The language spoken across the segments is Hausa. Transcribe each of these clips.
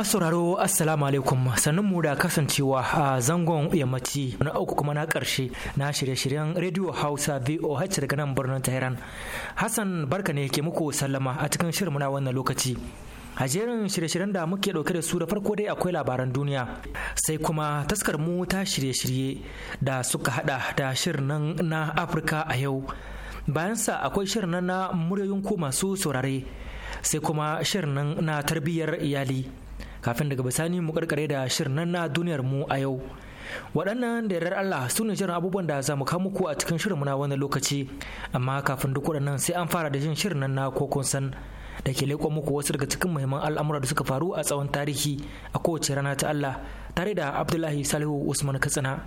masu sauraro assalamu alaikum sannan mu da kasancewa a zangon yammaci na uku kuma na karshe na shirye-shiryen radio hausa voh daga nan birnin tehran hassan barka ne ke muku sallama a cikin shirin na wannan lokaci a jerin shirye-shiryen da muke dauke da su da farko dai akwai labaran duniya sai kuma taskar mu ta shirye-shirye da suka hada da shirin nan na afirka a yau bayan sa akwai shirin nan na muryoyin ku masu saurare sai kuma shirin nan na tarbiyyar iyali kafin daga bisani mu karkare da shirin nan na duniyar mu a yau waɗannan da yarar Allah su ne shirin abubuwan da za mu kawo muku a cikin shirin na wani lokaci amma kafin duk waɗannan sai an fara da jin shirin nan na kokon san da ke leƙon muku wasu daga cikin muhimman al'amura da suka faru a tsawon tarihi a kowace rana ta Allah tare da Abdullahi Salihu Usman Katsina.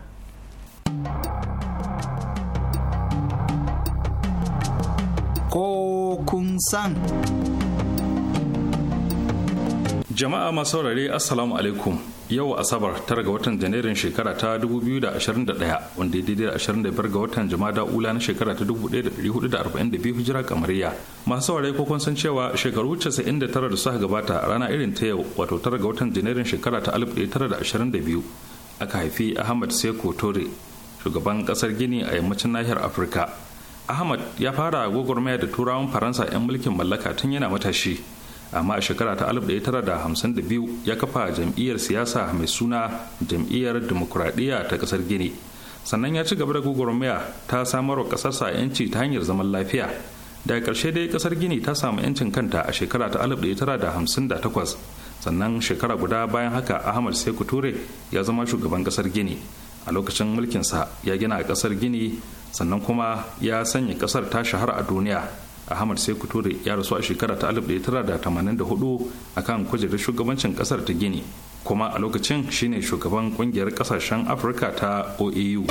Kokun san. jama'a masu saurare assalamu alaikum yau asabar tar ga watan janairun shekara ta 2021 wanda ya daidai da 25 ga watan Jumada ula na shekara ta 1442 hijira kamariya masu saurare ko kun san cewa shekaru 99 da suka gabata rana irin ta yau wato tar ga watan janairun shekara ta 1922 aka haifi ahmad seko tore shugaban kasar gini a yammacin nahiyar afirka ahmad ya fara gwagwarmaya da turawan faransa 'yan mulkin mallaka tun yana matashi amma a shekara ta 1952 ya kafa jam'iyyar siyasa mai suna jam'iyyar demokuraɗiyya ta ƙasar gini sannan ya ci gaba da gugurmiya ta samar wa ƙasarsa 'yanci ta hanyar zaman lafiya daga ƙarshe dai ƙasar gini ta samu 'yancin kanta a shekara ta 1958 sannan shekara guda bayan haka ahmad seku ture ya zama shugaban ƙasar gini a lokacin mulkinsa ya gina ƙasar gini sannan kuma ya sanya ƙasar ta shahara a duniya ahmad sai kutore ya rasu a shekara ta 1984 akan kujerar shugabancin kasar ta gini kuma a lokacin shine shugaban kungiyar kasashen afirka ta oau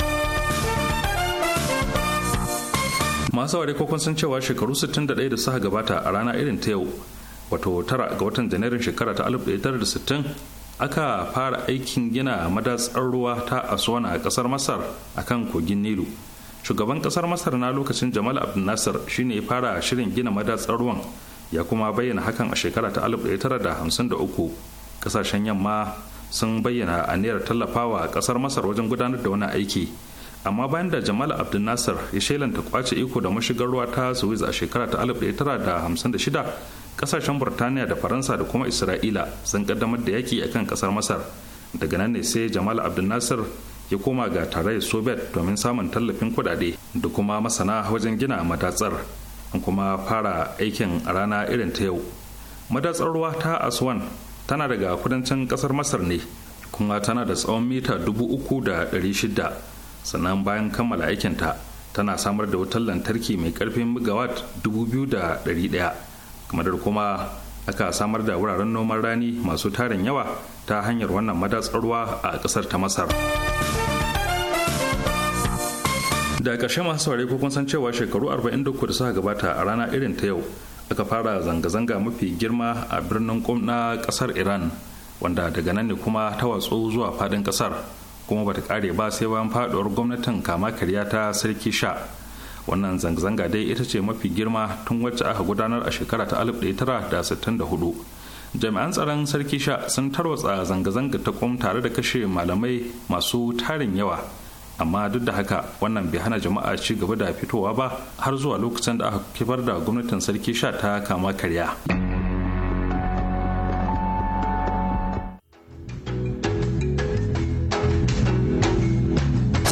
masu ware kokon sun cewa shekaru 61 da suka gabata a rana irin ta yau wato tara ga watan janairun shekara ta 1960 aka fara aikin gina madatsar ruwa ta aswana a kasar masar akan kogin nilu shugaban kasar masar na lokacin jamal abdul nasir shine ya fara shirin gina madatsar ruwan ya kuma bayyana hakan a shekara ta 1953 kasashen yamma sun bayyana a aniyar tallafawa kasar masar wajen gudanar da wani aiki amma bayan da jamal abdul nasir ya shelanta kwace iko da mashigar ruwa ta suwiz a shekara ta 1956 kasashen burtaniya da faransa da kuma isra'ila sun kaddamar da yaki akan kasar masar daga nan ne sai jamal abdul nasir ya koma ga tarayyar soviet domin samun tallafin kudade da kuma masana wajen gina matatsar an kuma fara aikin rana irin ta yau matatsar ruwa ta aswan tana daga kudancin kasar masar ne kuma tana da tsawon mita dubu uku da shida sannan bayan kammala aikinta tana samar da wutar lantarki mai karfin megawatt dubu biyu da ɗari ɗaya kamar kuma aka samar da wuraren noman rani masu tarin yawa ta hanyar wannan madatsar ruwa a kasar ta masar da ƙarshe masu saurari kun san cewa shekaru 43 da suka gabata a rana irin ta yau aka fara zanga-zanga mafi girma a birnin kum na ƙasar iran wanda daga nan ne kuma ta watsu zuwa faɗin ƙasar kuma bata kare ba sai bayan faɗuwar gwamnatin kama karya ta sarki sha wannan zanga-zanga dai ita ce mafi girma tun wacce aka gudanar a shekara ta 1964 jami'an tsaron sarki sha sun tarwatsa zanga-zanga ta kum tare da kashe malamai masu tarin yawa amma duk da haka wannan bai hana jama'a ci gaba da fitowa ba har zuwa lokacin da aka kifar da gwamnatin sarki sha ta kama karya.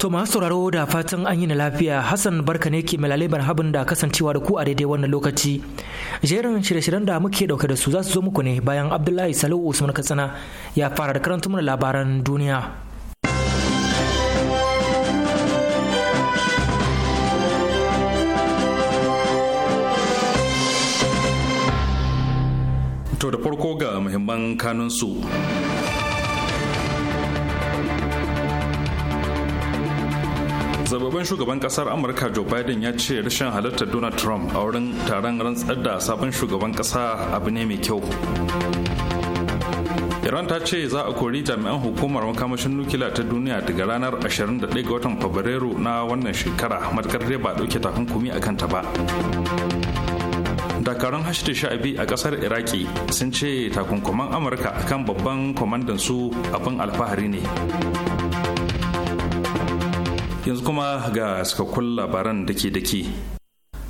To masu sauraro da fatan an yi na lafiya Hassan barka ne ke malale habin da kasancewa da ku a daidai wannan lokaci. Jerin shirye-shiryen da muke dauke da su za su zo muku ne bayan Abdullahi Salihu Usman Katsina ya fara da karanta mana labaran duniya. To da farko ga muhimman kanunsu. su. zababen shugaban kasar amurka joe biden ya ce rashin halartar donald trump a wurin taron rantsar da sabon shugaban kasa abu ne mai kyau iran ta ce za a kori jami'an hukumar makamashin nukila ta duniya daga ranar 21 ga watan fabrairu na wannan shekara matakar dai ba dauke takunkumi a kanta ba dakarun sha sha'abi a kasar iraki sun ce takunkuman amurka kan babban kwamandan su abin alfahari ne yanzu kuma ga cikakkun labaran da ke da ke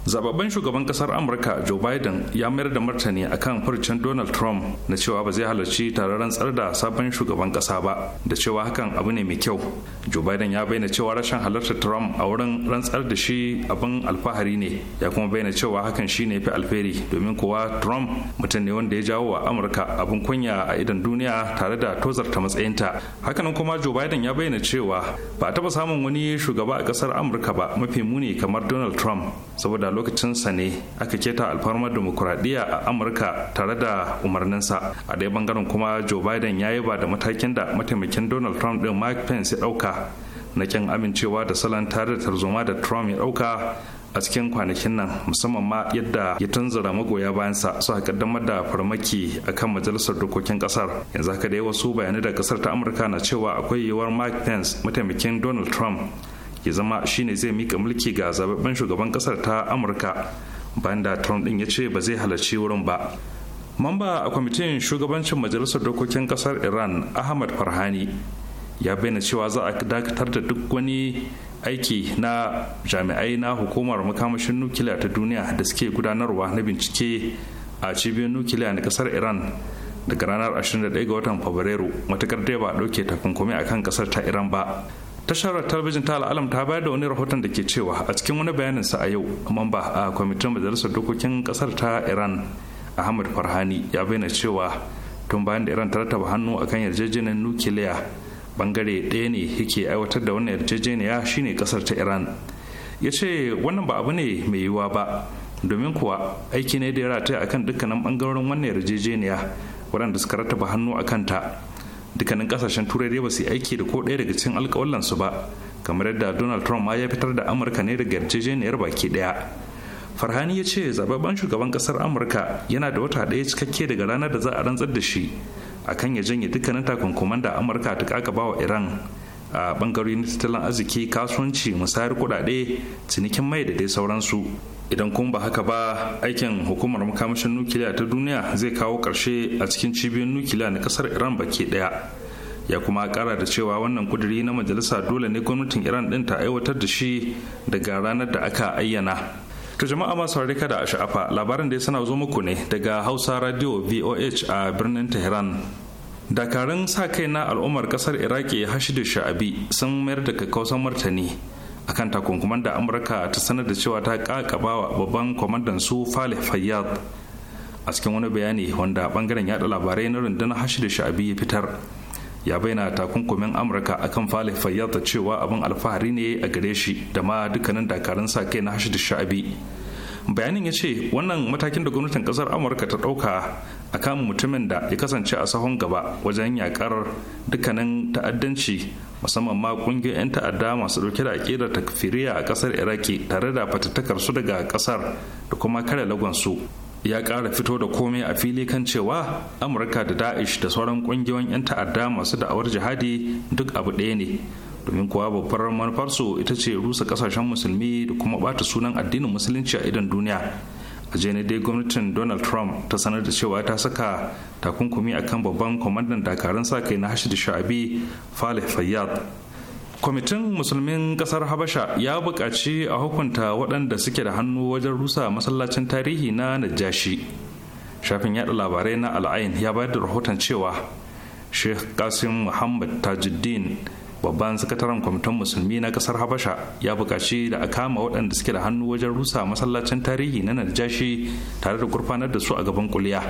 zababben shugaban kasar amurka joe biden ya mayar da martani akan farcen donald trump na cewa ba zai halarci tararen tsar da sabon shugaban kasa ba da cewa hakan abu ne mai kyau joe biden ya bayyana cewa rashin halartar trump a wurin rantsar da shi abin alfahari ne ya kuma bayyana cewa hakan shi ne fi alfahari domin kuwa trump mutum ne wanda ya jawo wa amurka abin kunya a idan duniya tare da tozarta matsayinta hakan kuma joe biden ya bayyana cewa ba a taba samun wani shugaba a kasar amurka ba mafi muni kamar donald trump saboda lokacin lokacinsa ne aka keta alfarmar demokuraɗiyya a amurka tare da umarninsa a ɗaya bangaren kuma joe biden ya yi ba da matakin da mataimakin donald trump ɗin mike pence ya ɗauka na kin amincewa da salon tare da tarzoma da trump ya ɗauka a cikin kwanakin nan musamman ma yadda ya tunzura magoya bayansa su kaddamar da farmaki a kan majalisar dokokin kasar yanzu haka dai wasu bayanai da kasar ta amurka na cewa akwai yiwuwar mike pence mataimakin donald trump ya zama shine zai mika mulki ga zababben shugaban kasar ta amurka bayan da trump din ya ce ba zai halarci wurin ba mamba a kwamitin shugabancin majalisar dokokin kasar iran ahmad farhani ya bayyana cewa za a dakatar da duk wani aiki na jami'ai na hukumar makamashin nukiliya ta duniya da suke gudanarwa na bincike a cibiyar nukiliya na kasar iran daga ranar 21 ga watan fabrairu matakar dai ba a ɗauke takunkumi akan kasar ta iran ba tashar talabijin ta al'alam ta bayar da wani rahoton da ke cewa a cikin wani bayanin sa a yau mamba a kwamitin majalisar dokokin kasar ta iran ahmad farhani ya bayyana cewa tun bayan da iran ta rataba hannu akan yarjejeniyar nukiliya bangare ɗaya ne yake aiwatar da wannan yarjejeniya shine kasar ta iran ya ce wannan ba abu ne mai yiwuwa ba domin kuwa aiki ne da ya rataya akan dukkanin bangarorin wannan yarjejeniya waɗanda suka rataba hannu a kanta dukkanin kasashen turai dai ba su aiki da ko ɗaya daga cikin su ba kamar yadda donald trump ma ya fitar da amurka ne daga yarjejeniyar baki ɗaya farhani ya ce zababben shugaban kasar amurka yana da wata ɗaya cikakke daga ranar da za a rantsar da shi akan ya janye dukkanin takunkuman da amurka ta kakaba wa iran a bangarorin tattalin arziki kasuwanci musayar kuɗaɗe cinikin mai da dai sauransu idan kuma ba haka ba aikin hukumar makamashin nukiliya ta duniya zai kawo ƙarshe a cikin cibiyar nukiliya na kasar iran baki ɗaya ya kuma kara da cewa wannan kuduri na majalisa dole ne gwamnatin iran ɗin ta aiwatar da shi daga ranar da aka ayyana ta jama'a masu harika da sha'afa labarin da ya sana zo muku ne daga hausa radio voh a birnin tehran dakarun sa kai na al'ummar kasar iraki hashidu sha'abi sun mayar da kakkausan martani akan takunkuman da amurka ta sanar da cewa ta kakaba wa babban kwamandan su falih fayyad a cikin wani bayani wanda bangaren yada labarai na rundunar hashi da sha'abi ya fitar ya bayyana takunkumin amurka akan falih fayyad da cewa abin alfahari ne a gare shi da ma dukkanin dakarun sa kai na hashi da sha'abi bayanin ya ce wannan matakin da gwamnatin kasar amurka ta dauka a kan mutumin da ya kasance a sahon gaba wajen yakar dukkanin ta'addanci musamman ma ƙungiyoyin 'yan ta'adda masu dauke da aƙidar takfiriya a kasar iraki tare da fatattakar su daga kasar da kuma kare lagonsu ya kara fito da komai a fili kan cewa amurka da da'ish da sauran ƙungiyoyin 'yan ta'adda masu da'awar jihadi duk abu ɗaya ne domin kuwa babbar manufarsu ita ce rusa kasashen musulmi da kuma bata sunan addinin musulunci a idon duniya a jene dai gwamnatin donald trump ta sanar da cewa ta saka takunkumi akan babban kwamandan dakarun sa kai na hashid sha'abi falih fayyad kwamitin musulmin kasar habasha ya buƙaci a hukunta waɗanda suke da hannu wajen rusa masallacin tarihi na najashi shafin yada labarai na al'ain ya bayar da rahoton cewa sheikh kasim muhammad tajuddin babban sakataren kwamitin musulmi na kasar habasha ya buƙaci da a kama waɗanda suke da hannu wajen rusa masallacin tarihi na najashi tare da gurfanar da su a gaban kuliya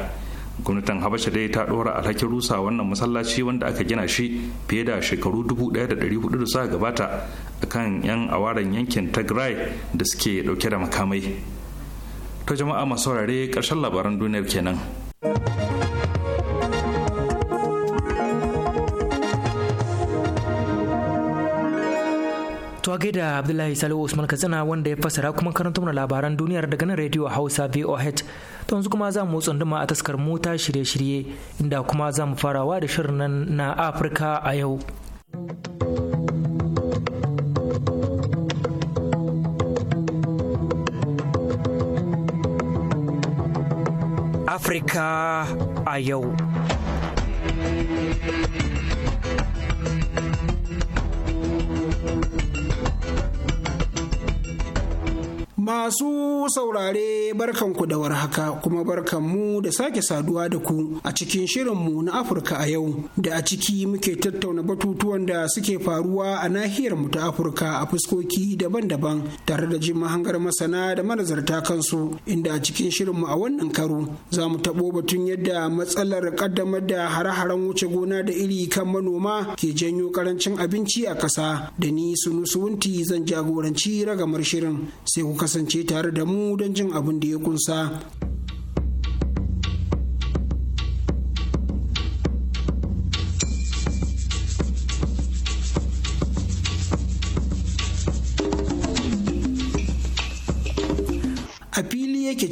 gwamnatin habasha dai ta ɗora alhakin rusa wannan masallaci wanda aka gina shi fiye da shekaru ɗaya da ɗari da suka gabata akan 'yan awaren yankin tigray da suke dauke da makamai ta jama'a masu saurare ƙarshen labaran duniyar kenan. To da Abdullahi Salihu Usman Katsina wanda ya fassara kuma karanta mana labaran duniyar daga nan rediyo Hausa VOH. To yanzu kuma za mu tsunduma a taskar mota shirye-shirye inda kuma za mu farawa da shirin nan na Afirka a yau. Afirka a yau. 马苏。saurare barkanku da warhaka kuma barkanmu da sake saduwa da ku a cikin shirinmu na Afirka a yau da a ciki muke tattauna batutuwan da suke faruwa a nahiyar mu ta Afirka a fuskoki daban-daban tare da jin mahangar masana da manazarta kansu inda a cikin shirinmu a wannan karo za mu taɓo batun yadda matsalar kaddamar da hare-haren wuce gona da iri kan manoma ke janyo karancin abinci a ƙasa da ni sunusuwunti zan jagoranci ragamar shirin sai ku kasance tare da mu don jin abin da ya kunsa.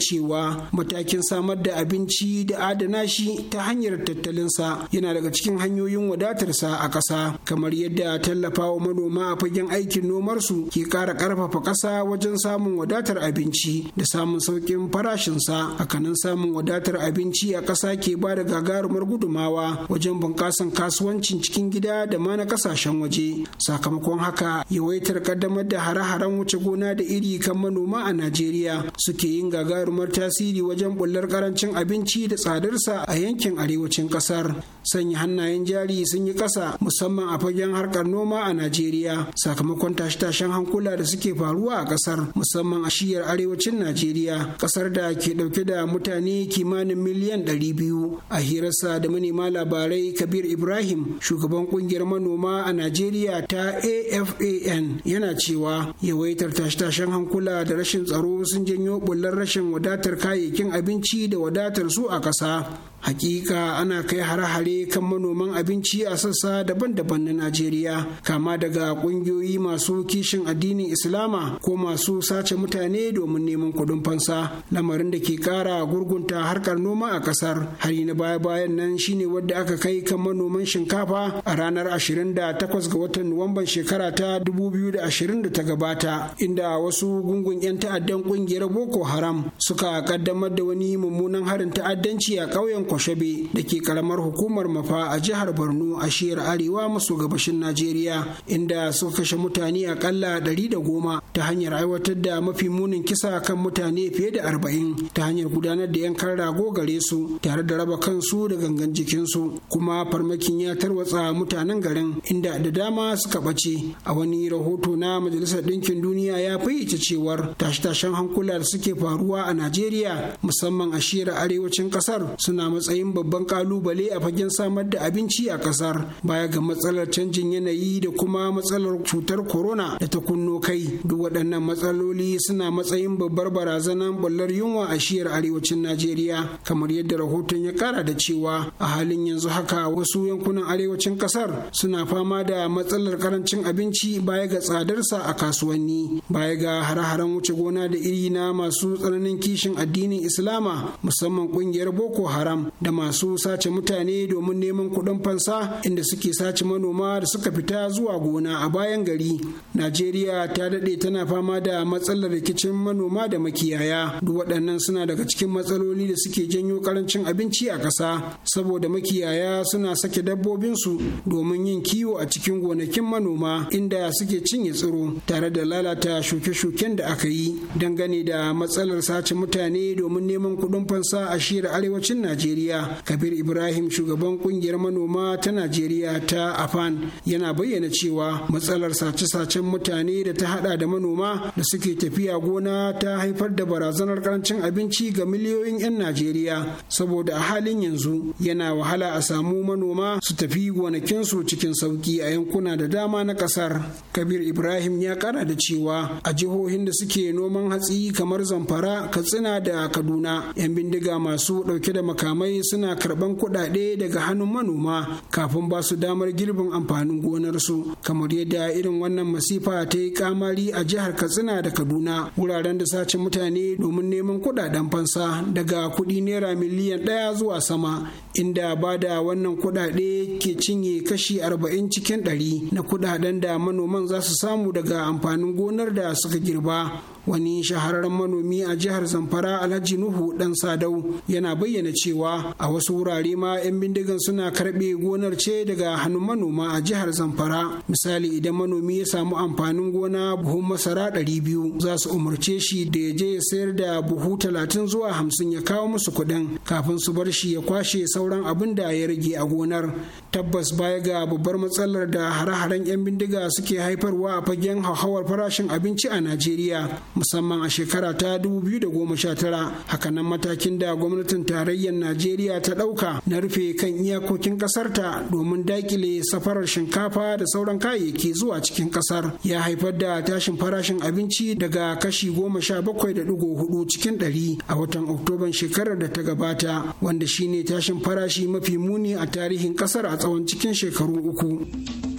cewa matakin samar da abinci da adana shi ta hanyar tattalinsa yana daga cikin hanyoyin wadatarsa a ƙasa kamar yadda tallafawa manoma a fagen aikin nomarsu ke ƙara ƙarfafa ƙasa wajen samun wadatar abinci da samun sauƙin farashinsa hakanan samun wadatar abinci a ƙasa ke ba da gagarumar gudumawa wajen bunƙasan kasuwancin cikin gida da ma na ƙasashen waje sakamakon haka yawaitar ƙaddamar da hare-haren wuce gona da iri kan manoma a najeriya suke yin gagarumar gagarumar tasiri wajen bullar karancin abinci da tsadarsa a yankin arewacin kasar sanya hannayen jari sun yi ƙasa. musamman a fagen harkar noma a najeriya sakamakon tashe-tashen hankula da suke faruwa a ƙasar. musamman a shiyar arewacin najeriya Ƙasar da ke ɗauke da mutane kimanin miliyan ɗari biyu. a hirarsa da manema labarai kabir ibrahim shugaban ƙungiyar manoma a najeriya ta afan yana cewa yawaitar tashe-tashen hankula da rashin tsaro sun janyo bullar rashin wadata wadatar kayayyakin abinci da wadatar su a ƙasa Hakika ana kai hare-hare kan manoman abinci a sassa daban-daban na Najeriya, kama daga kungiyoyi masu kishin addinin Islama ko masu sace mutane domin neman kudin fansa, lamarin da ke kara gurgunta harkar noma a kasar. Hari na baya-bayan nan shine wadda aka kai kan manoman shinkafa a ranar 28 ga watan Nuwamban shekara ta 2020 da ta gabata, inda wasu gungun 'yan ta'addan kungiyar Boko Haram suka kaddamar da wani mummunan harin ta'addanci a ƙauyen kwashebe da ke karamar hukumar mafa a jihar borno a shiyar arewa maso gabashin najeriya inda sun kashe mutane akalla ɗari da goma ta hanyar aiwatar da mafi munin kisa kan mutane fiye da arba'in ta hanyar gudanar da yankan rago gare su tare da raba kansu da gangan jikinsu kuma farmakin ya tarwatsa mutanen garin inda da dama suka ɓace a wani rahoto na majalisar ɗinkin duniya ya fayyace cewar tashe-tashen hankula da suke faruwa a najeriya musamman a shiyar arewacin ƙasar suna matsayin babban kalubale a fagen samar da abinci a kasar baya ga matsalar canjin yanayi da kuma matsalar cutar corona da ta kunno kai duk waɗannan matsaloli suna matsayin babbar barazanar bullar yunwa a shiyar arewacin najeriya kamar yadda rahoton ya kara da cewa a halin yanzu haka wasu yankunan arewacin kasar suna fama da matsalar karancin abinci baya ga tsadarsa a kasuwanni baya ga hare-haren wuce gona da iri na masu tsananin kishin addinin islama musamman kungiyar boko haram da masu sace mutane domin neman kuɗin fansa inda suke sace manoma da suka fita zuwa gona a bayan gari najeriya ta daɗe tana fama da matsalar rikicin manoma da makiyaya duk waɗannan suna daga cikin matsaloli da suke janyo ƙarancin abinci a ƙasa saboda makiyaya suna sake dabbobinsu domin yin kiwo a cikin gonakin manoma inda suke cinye tsiro tare da lalata shuke-shuken da aka yi dangane da matsalar sace mutane domin neman kuɗin fansa a shirin arewacin najeriya najeriya kabir ibrahim shugaban kungiyar manoma ta najeriya ta afan yana bayyana cewa matsalar sace-sacen mutane da ta hada da manoma da suke tafiya gona ta haifar da barazanar karancin abinci ga miliyoyin 'yan najeriya saboda a halin yanzu yana wahala a samu manoma su tafi gonakinsu cikin sauki a yankuna da dama na kasar kabir ibrahim ya kara da cewa a jihohin da suke noman hatsi kamar zamfara katsina da kaduna 'yan bindiga masu dauke da makamai kawai suna karban kuɗaɗe daga hannun manoma kafin ba su damar girbin amfanin gonarsu kamar yadda irin wannan masifa ta yi kamari a jihar katsina da kaduna wuraren da sace mutane domin neman kuɗaɗen fansa daga kuɗi naira miliyan ɗaya zuwa sama inda ba da wannan kuɗaɗe ke cinye kashi arba'in cikin ɗari na kuɗaɗen da manoman za su samu daga amfanin gonar da suka girba wani shahararren manomi a jihar zamfara alhaji nuhu dan sadau yana bayyana cewa a wasu wurare ma 'yan bindigan suna karɓe gonar ce daga hannun manoma a jihar zamfara misali idan manomi ya samu amfanin gona buhun masara ɗari biyu za su umarce shi da ya je ya sayar da buhu talatin zuwa hamsin ya kawo musu kuɗin kafin su bar shi ya kwashe sauran abin da ya rage a gonar tabbas baya ga babbar matsalar da hare-haren 'yan bindiga suke haifarwa a fagen hauhawar farashin abinci a najeriya musamman a shekara ta 2019 hakanan matakin da gwamnatin tarayyar najeriya ta ɗauka na rufe kan iyakokin ƙasarta domin daƙile safarar shinkafa da sauran kayayyaki zuwa cikin ƙasar ya haifar da tashin farashin abinci daga kashi 17.4 cikin 100 a watan oktoban shekarar da ta gabata wanda shine tashin farashi mafi muni a tarihin ƙasar a tsawon cikin shekaru uku.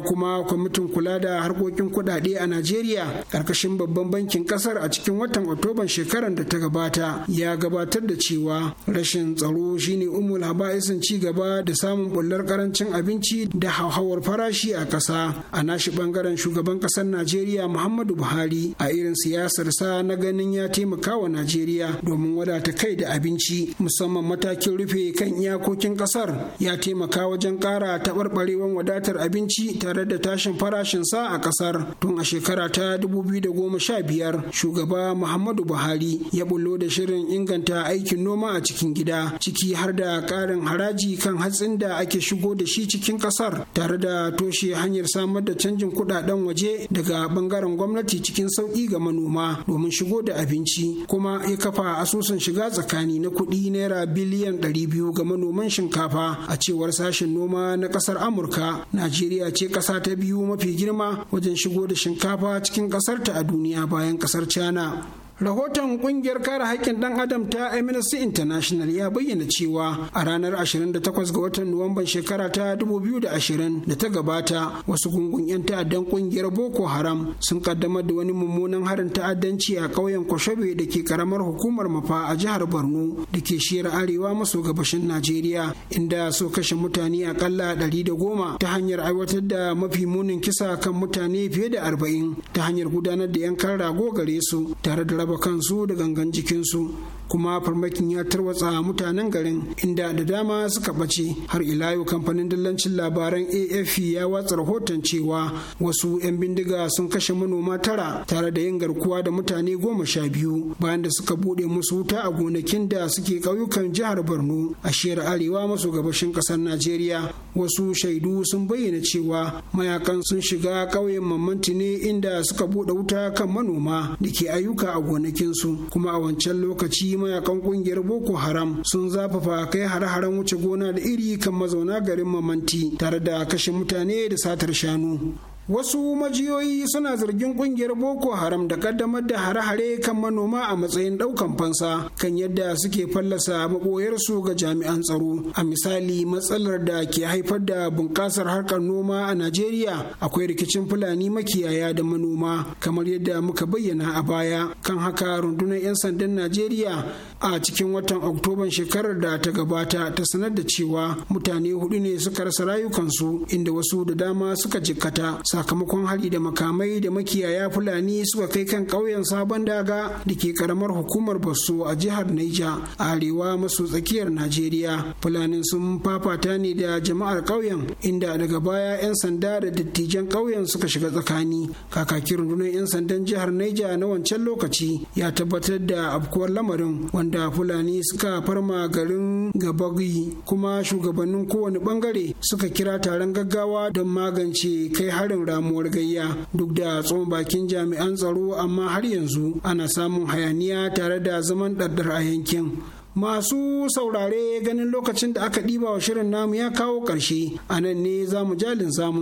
da kuma kwamitin kula da harkokin kuɗaɗe a Najeriya Ƙarkashin babban bankin ƙasar a cikin watan Oktoban shekarar da ta gabata ya gabatar da cewa rashin tsaro shine umul haba'isin ci gaba da samun bullar karancin abinci da hauhawar farashi a ƙasa a nashi bangaren shugaban ƙasar Najeriya Muhammadu Buhari a irin siyasar sa na ganin ya taimaka wa Najeriya domin wadata kai da abinci musamman matakin rufe kan iyakokin ƙasar ya taimaka wajen ƙara taɓarɓarewan wadatar abinci ta tare da tashin farashinsa a kasar tun a shekara ta 2015 shugaba muhammadu buhari ya bullo da shirin inganta aikin noma a cikin gida ciki har da ƙarin haraji kan hatsin da ake shigo da shi cikin kasar tare da toshe hanyar samar da canjin kudaden waje daga bangaren gwamnati cikin sauƙi ga manoma domin shigo da abinci kuma ya kafa asusun shiga tsakani na kuɗi naira biliyan ɗari biyu ga manoman shinkafa a cewar sashen noma na ƙasar amurka najeriya ce kasa ta biyu mafi girma wajen shigo da shinkafa cikin ƙasarta a duniya bayan kasar China. Rahoton kungiyar kare haƙƙin ɗan Adam ta Amnesty International ya bayyana cewa a ranar 28 ga watan Nuwamban shekara ta 2020 da ta gabata wasu gungun 'yan ta'addan kungiyar Boko Haram sun kaddamar da wani mummunan harin ta'addanci a ƙauyen Koshobe da ke karamar hukumar Mafa a jihar Borno da ke shiyar arewa maso gabashin Najeriya inda su kashe mutane akalla goma, ta hanyar aiwatar da mafi munin kisa kan mutane fiye da arba'in, ta hanyar gudanar da yankan rago gare su tare da kan kansu da gangan jikinsu kuma farmakin ya tarwatsa mutanen garin inda da dama suka ɓace har ila yau kamfanin dillancin labaran AFP ya watsa rahoton cewa wasu 'yan bindiga sun kashe manoma tara tare da yin garkuwa da mutane goma sha biyu bayan da suka buɗe musu wuta a gonakin da suke ƙauyukan jihar Borno a shiyar arewa maso gabashin ƙasar Najeriya wasu shaidu sun bayyana cewa mayakan sun shiga ƙauyen Mamanti ne inda suka buɗe wuta kan manoma da ke ayyuka a gonakinsu kuma a wancan lokaci mayakan kungiyar boko haram sun zafafa kai hare-haren wuce gona da iri kan mazauna garin mamanti tare da kashe mutane da satar shanu wasu majiyoyi suna zargin kungiyar boko haram da kaddamar da hare-hare kan manoma a matsayin daukan fansa kan yadda suke fallasa maboyarsu ga jami'an tsaro a misali matsalar da ke haifar da bunƙasar harkar noma a najeriya akwai rikicin fulani makiyaya da manoma kamar yadda muka bayyana a baya kan haka rundunar 'yan sandan najeriya a cikin watan oktoban shekarar da ta gabata ta sanar da cewa mutane hudu ne suka rasa rayukansu inda wasu da dama suka jikkata sakamakon hari da makamai da makiyaya fulani suka kai kan ƙauyen sabon daga da ke karamar hukumar basso a jihar naija arewa maso tsakiyar najeriya fulanin sun fafata ne da jama'ar ƙauyen inda daga baya 'yan sanda da dattijan ƙauyen suka shiga tsakani kakakin rundunar 'yan sandan jihar naija na wancan lokaci ya tabbatar da afkuwar lamarin wanda fulani suka farma garin Gabagui kuma shugabannin kowane bangare suka kira taron gaggawa don magance kai harin ramuwar gayya duk da tsohon bakin jami'an tsaro amma har yanzu ana samun hayaniya tare da zaman ɗaddar a yankin masu saurare ganin lokacin da aka ɗiba wa shirin namu ya kawo ƙarshe a nan ne za mu jalin sa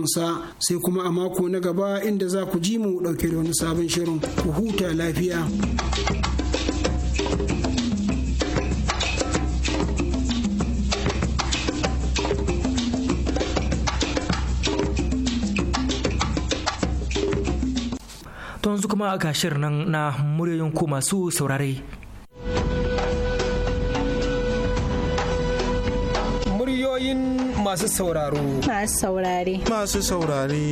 sai kuma a mako na gaba inda za ku ji mu ɗauke da wani sabon shirin ku huta lafiya. yanzu kuma ga shirin nan na muryoyin ku masu saurare. Muryoyin masu sauraro. Masu saurare. Masu saurare.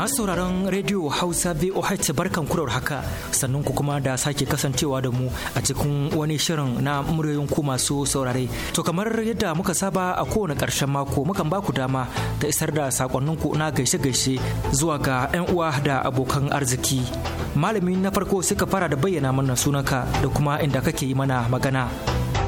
Masu sauraron Radio Hausa VOH barkan kurar haka sannan ku kuma da sake kasancewa da mu a cikin wani shirin na muryoyin ku masu saurare. To kamar yadda muka saba a kowane ƙarshen mako mukan ba ku dama ta isar da sakonnin ku na gaishe-gaishe zuwa ga 'yan uwa da abokan arziki. Malami na farko suka fara da bayyana mana sunanka da kuma inda kake yi mana magana.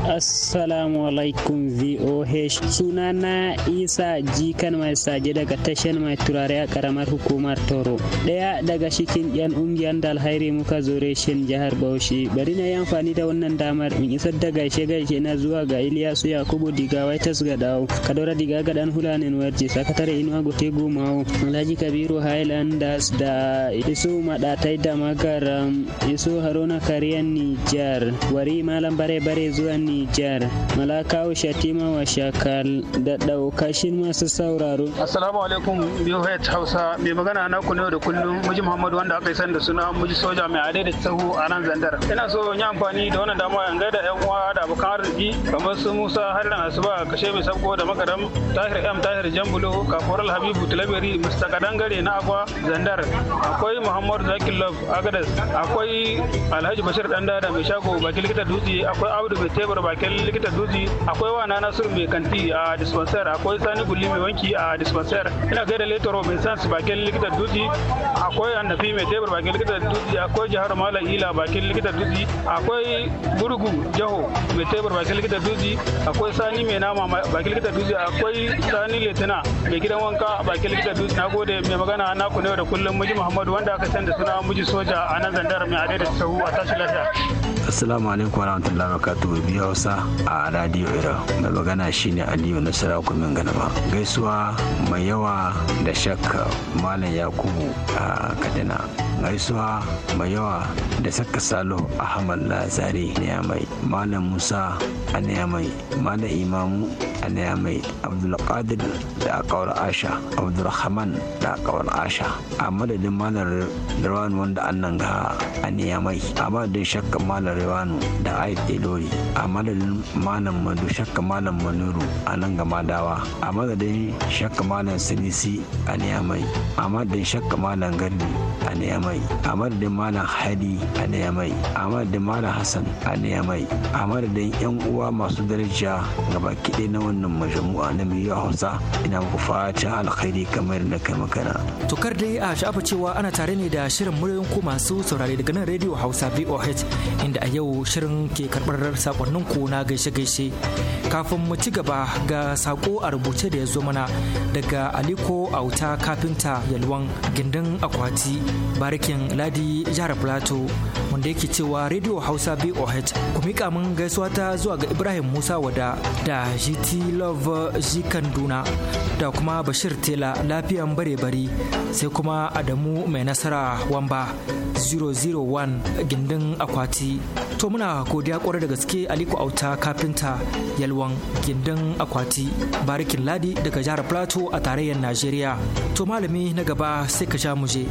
Assalamu alaikum VOH sunana Isa Jikan mai saje daga tashar mai turare a karamar hukumar Toro. Daya daga cikin yan ungiyar da alhairi muka zo shin jihar Bauchi. Bari na yi amfani da wannan damar in isar da gaishe gaishe na zuwa ga Iliyasu Yakubu Diga Waitas Ka Kadora Diga ga Gadan Hulanin Warji, Sakatare Inuwa Gote Gumawo, Alhaji Kabiru Highlanders da Isu Madatai da Magaram, Isu Haruna Kariyan Nijar, Wari Malam Bare Bare zuwa Nijar. Malakawu Shatima wa Shakal da daukashin masu sauraro. Assalamu alaikum BOH Hausa mai magana na ku ne da kullum Muji Muhammadu wanda aka yi sani da suna Muji Soja mai adai da sahu a nan Zandar. Ina so in yi amfani da wannan dama yanga da ƴan uwa da abokan arziki kamar su Musa Haruna Asuba kashe mai sabko da makaram Tahir M Tahir Jambulo Kaforal Habibu Tulaberi Mr. Kadangare na Agwa Zandar. Akwai Muhammadu Zakir Love Agadas. Akwai Alhaji Bashir Danda da mai shago bakin likita dutse. Akwai Audu mai tebur bakin likita dutse akwai wa wana nasiru mai kanti a dispenser akwai sani gulli mai wanki a dispenser ina gaida letaro mai sans bakin likita dutse akwai annafi mai tebur bakin likita dutse akwai jihar malam ila bakin likita dutse akwai gurgu jaho mai tebur bakin likita dutse akwai sani mai nama bakin likita dutse akwai sani letina mai gidan wanka bakin likita dutse na gode mai magana na ku ne da kullum muji muhammadu wanda aka san da suna muji soja a nan zandar mai adadin sahu a tashi lafiya assalamu alaikum warahmatullahi wabarakatuh biyo hausa a radio iran mai magana shine aliyu nasara min ganaba gaisuwa mai yawa da shakka malam yakubu a kaduna gaisuwa mai yawa da saka salo ahmad ya mai malam musa a mai malam imamu a mai abdulkadir da akawar asha abdulrahman da akawar asha a madadin malam rawanu wanda annan ga a mai a madadin shakka malam rawanu da aiki lori a malam madu shakka malam manuru a nan gama dawa a madadin shakka malam sinisi a niyamai a madadin shakka malam gardi a niyamai a madadin malam hadi a niyamai a madadin malam hassan a niyamai a madadin yan uwa masu daraja gaba kiɗe na wannan majamu'a na miliyan hausa ina muku fata alkhairi kamar da kai makana. tokar dai a sha'afa cewa ana tare ne da shirin muryoyin ku masu saurare daga nan rediyo hausa voh inda a yau shirin ke karɓar sakonnin ko na gaishe-gaishe kafin mu ci gaba ga sako a rubuce da ya zo mana daga aliko auta kafinta yalwan gindin akwati barikin ladi jihar plateau wanda yake cewa radio hausa boh ku miƙa min gaisuwa ta zuwa ga ibrahim musa wada da gt love kanduna da kuma bashir tela lafiyan bare-bare sai kuma adamu mai nasara wamba 001 gindin akwati to muna godiya kwarai da gaske aliko auta kafinta yalwan gindin akwati barikin ladi daga jihar plateau a tarayyar najeriya to malami na gaba sai ka sha muje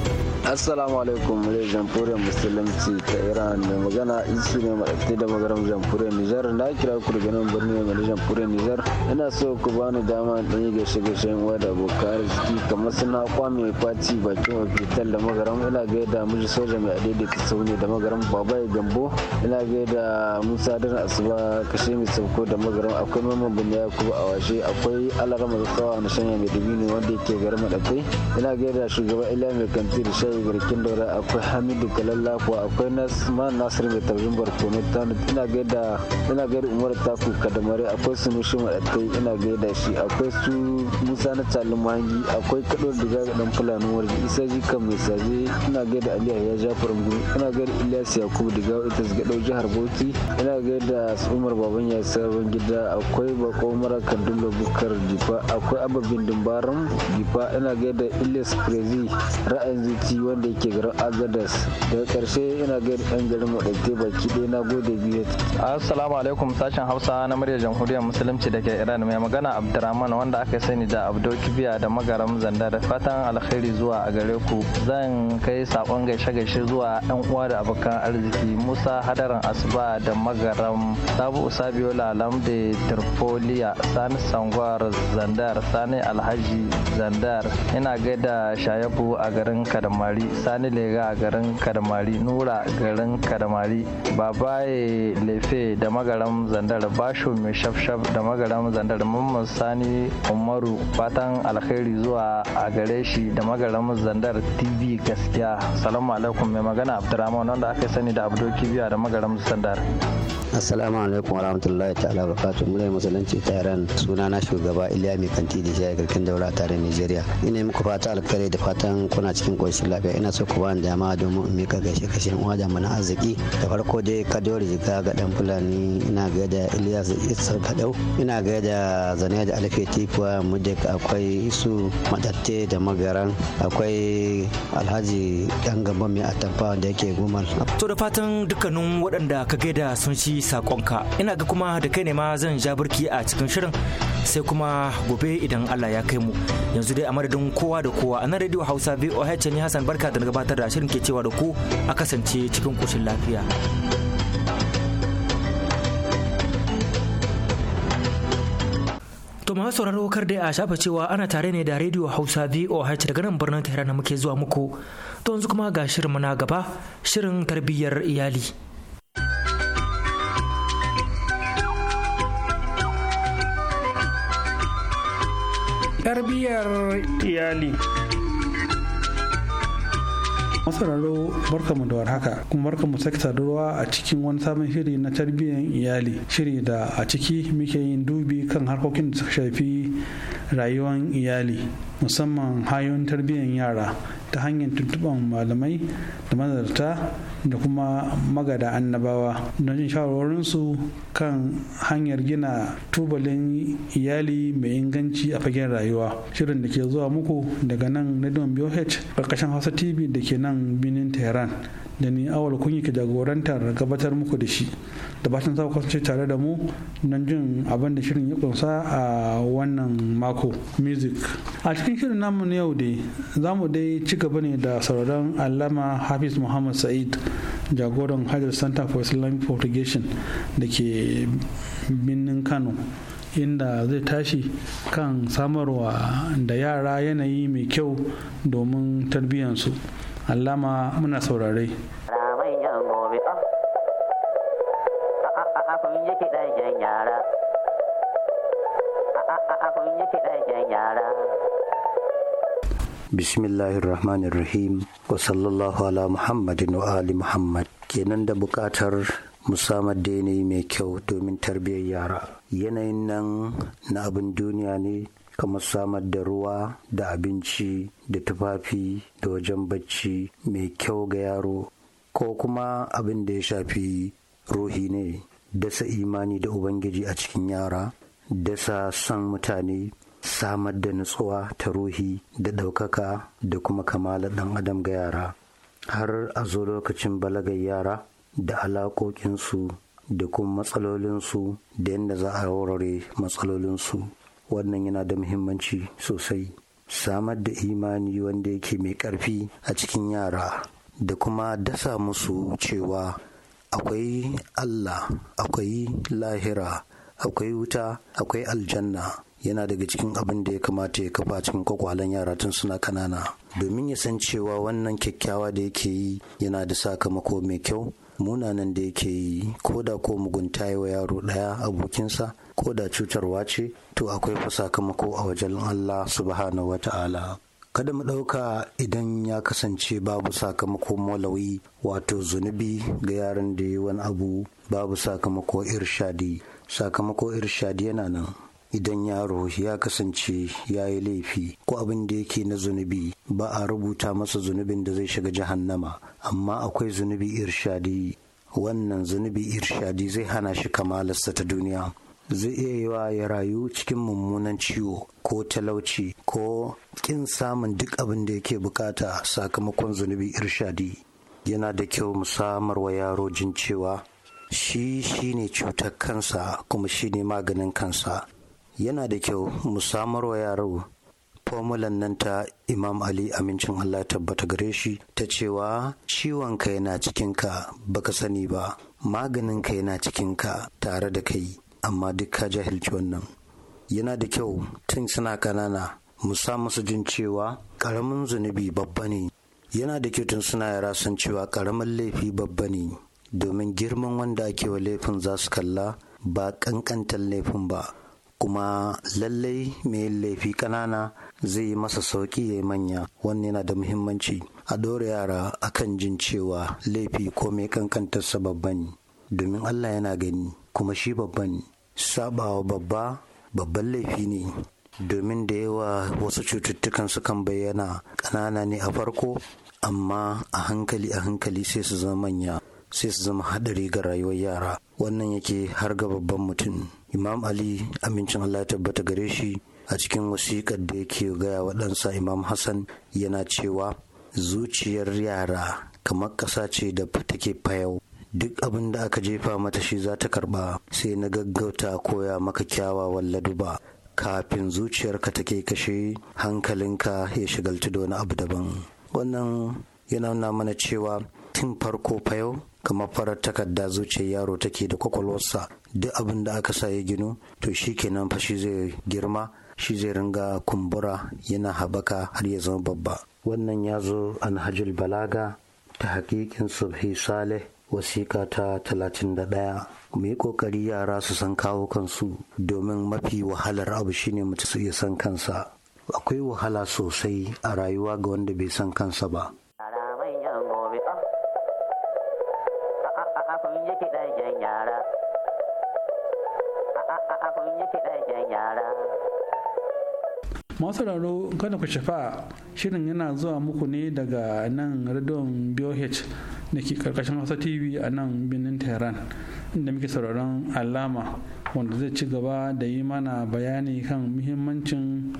assalamu alaikum muryar jamhuriyar musulunci ta iran mai magana isu ne maɗaɗe da magana jamhuriyar nijar na kira ku daga nan birnin mai jamhuriyar nijar ina so ku bani dama ɗan yi gaishe gaishe uwa da abokan arziki kamar suna kwame faci bakin wakitan da magaram ina gaida miji soja mai adaidaita sauni da magaram baba ya gambo ina gaida musa dana asuba ba kashe mai sauko da magaram akwai mamman bin kuma a washe akwai alarama da tsawa na shanya mai dabino wanda yake garin madakai ina gaida shugaban ila mai kanti da shayi garkin daura akwai hamidu kalalla kuwa akwai nasman nasir mai tarbin barkono tanu ina gaida ina gaida umar ku kadamare akwai nushi madakai ina gaida shi akwai su musa na talin mahangi akwai kaɗo da ga dan fulani warji isa jika mai saje ina gaida aliyu ya jafar ina gaida ilyas yakubu gawa ita ga jihar bauchi ina gaida Abbas Umar Baban ya sabon gida akwai bako mara Kaduna Bukar jifa akwai ababin dimbaran jifa ina gaida Ilyas Prezi ra'ayin zuci wanda yake garin Agadas daga karshe ina gaida yan garin wadatai baki ɗaya na gode biyu. Assalamu alaikum sashen Hausa na murya Jamhuriyar Musulunci da ke Iran mai magana Abdurrahman wanda aka sani da abdul Kibiya da magaram zanda da fatan alkhairi zuwa a gare ku zan kai sakon gaishe-gaishe zuwa 'yan uwa da abokan arziki Musa Hadaran Asuba da magaram sabu usabiola de tirfoliya sani sangwar zandar sani alhaji zandar ina gaida shayabu a garin kadamari sani lega a garin kadamari nura garin kadamari babaye lefe da magaram zandar basho mai shafshaf da magaram zandar mamman sani umaru fatan alkhairi zuwa a gare shi da magaram zandar tv gaskiya salamu alaikum mai magana abdurrahman wanda aka sani da abdoki biya da magaram zandar assalamu Assalamu alaikum warahmatullahi ta'ala barakatuh mulai musulunci ta Iran suna na shugaba Iliya mai kanti da shi garkin daura tare Nigeria ina muku fata alkare da fatan kuna cikin koshin lafiya ina so ku ba ni dama domin in mika gaishe kashin uwa da mana arziki da farko dai kadori jika ga dan fulani ina ga gaida Ilyas Isar Kadau ina da Zane da Alfe Tifuwa Mudek akwai Isu Madatte da Magaran akwai Alhaji dan gaba mai atamfa da yake gumal to da fatan dukkanin waɗanda ka gaida sun ci sakonka haka ina ga kuma da kai ne ma zan ja birki a cikin shirin sai kuma gobe idan Allah ya kai mu yanzu dai a madadin kowa da kowa a nan radio hausa voh ne hassan barka da na gabatar da shirin ke cewa da ku a kasance cikin koshin lafiya To masu sauraro kar dai a shafa cewa ana tare ne da Radio Hausa VOH daga nan birnin Tehran muke zuwa muku. To yanzu kuma ga shirin na gaba, shirin tarbiyyar iyali. tarbiyyar iyali barka mu da warhaka kuma barka mu sake sadarwa a cikin wani sabon shiri na tarbiyyar iyali shiri da a ciki muke yin dubi kan harkokin da suka shafi rayuwar iyali musamman hayon tarbiyyar yara ta hanyar tuntuɓan malamai da mazarta da kuma magada annabawa don jin shawarwarinsu kan hanyar gina tubalin iyali mai inganci a fagen rayuwa shirin da ke zuwa muku daga nan na don bioh ƙarƙashin hausa tv da ke nan birnin tehran da ni awal kun yi jagorantar gabatar muku da shi da fatan za ku kasance tare da mu don jin abin da shirin ya kunsa a wannan mako music a cikin shirin namu na yau dai za mu dai ci gaba ne da sauraron allama hafiz muhammad sa'id jagoran hajar center for islamic propagation da ke birnin kano inda zai tashi kan samarwa da yara yanayi mai kyau domin tarbiyyansu. su allama muna saurare ah, ah, ah, rahim: wa sallallahu ala muhammadin wa ali muhammad kenan da bukatar musamman da yanayi mai kyau domin tarbiyyar yara yanayin nan na abin duniya ne kamar samar da ruwa da abinci da tufafi da wajen bacci mai kyau ga yaro ko kuma abin da ya shafi ruhi ne dasa imani da ubangiji a cikin yara dasa san mutane samar da nutsuwa ta ruhi da ɗaukaka da kuma kamala ɗan adam ga yara har a zo lokacin balagar yara da alaƙoƙinsu da kuma matsalolinsu da yadda za a matsalolinsu wannan yana da muhimmanci sosai samar da imani wanda yake mai ƙarfi a cikin yara da kuma dasa musu cewa akwai allah akwai lahira akwai wuta akwai aljanna yana daga cikin abin da ya kamata ya kafa cikin kwakwalen yara tun suna kanana domin ya san cewa wannan kyakkyawa da yake yi yana da sakamako mai kyau munanan da yake yi ko da ko mugunta yi wa yaro ɗaya abokinsa ko da cutarwa ce to akwai fa sakamako a wajen Allah subhanahu wata'ala kada mu ɗauka idan ya kasance babu sakamako malawi wato zunubi ga yaran da yi wani abu babu sakamako irshadi sakamako irshadi yana nan idan yaro ya kasance ya yi laifi ko abin da yake na zunubi ba a rubuta masa zunubin da zai shiga jahannama amma akwai zunubi irshadi wannan zunubi irshadi zai hana shi kamalarsa ta duniya zai iya yi wa ya rayu cikin mummunan ciwo ko talauci ko kin samun duk abin da yake bukata sakamakon zunubi irshadi yana da kyau mu samar wa yaro jin cewa shi shine cutar kansa kuma shi ne maganin kansa yana da kyau mu samar wa yaro fomulan nan ta imam ali amincin allah tabbata gare shi ta cewa ciwon ka yana cikinka baka sani ba maganin ka yana cikinka tare da kai amma duk ka jahilci wannan yana da kyau tun suna ƙanana mu sa musu jin cewa ƙaramin zunubi babba ne yana da kyau tun suna yara sun cewa karamin laifi babba ne domin girman wanda ake wa laifin za su kalla ba ƙanƙantar laifin ba kuma lallai mai laifi ƙanana zai yi masa sauƙi ya yi manya wannan yana da muhimmanci a ɗora yara akan jin cewa laifi ko mai ƙanƙantarsa babba ne domin allah yana gani kuma shi babba ne sabawa babba babban laifi ne domin da yawa wasu cututtukan su kan bayyana ƙanana ne a farko amma a hankali a hankali sai su zama manya sai su zama haɗari ga rayuwar yara wannan yake har ga babban mutum imam ali amincin allah tabbata gare shi a cikin wasiƙar da yake gaya wa ɗansa imam hassan yana cewa zuciyar yara kamar ƙasa ce da take fayau duk abin da aka jefa mata shi za ta karba sai na gaggauta koya maka kyawawan laduba kafin zuciyarka ta ke kashe hankalinka ya shigal da wani abu daban wannan yana nuna mana cewa tun farko fa yau kamar farar takarda zuciyar yaro take da kwakwalwarsa duk abin da aka sa ya ginu to shi kenan fa shi zai girma shi zai ringa kumbura yana habaka har ya zama babba wannan ya zo an balaga ta hakikin subhi saleh wasiƙa ta talatin 31 mu yi ƙoƙari yara su san kawo kansu domin mafi wahalar abu shine mutum su iya san kansa akwai wahala sosai a rayuwa ga wanda bai san kansa ba yara masu raro kada ku shafa shirin yana zuwa muku ne daga nan radon boh da ke karkashin wasa tv a nan birnin tehran inda muke sauraron alama wanda zai ci gaba da yi mana bayani kan muhimmancin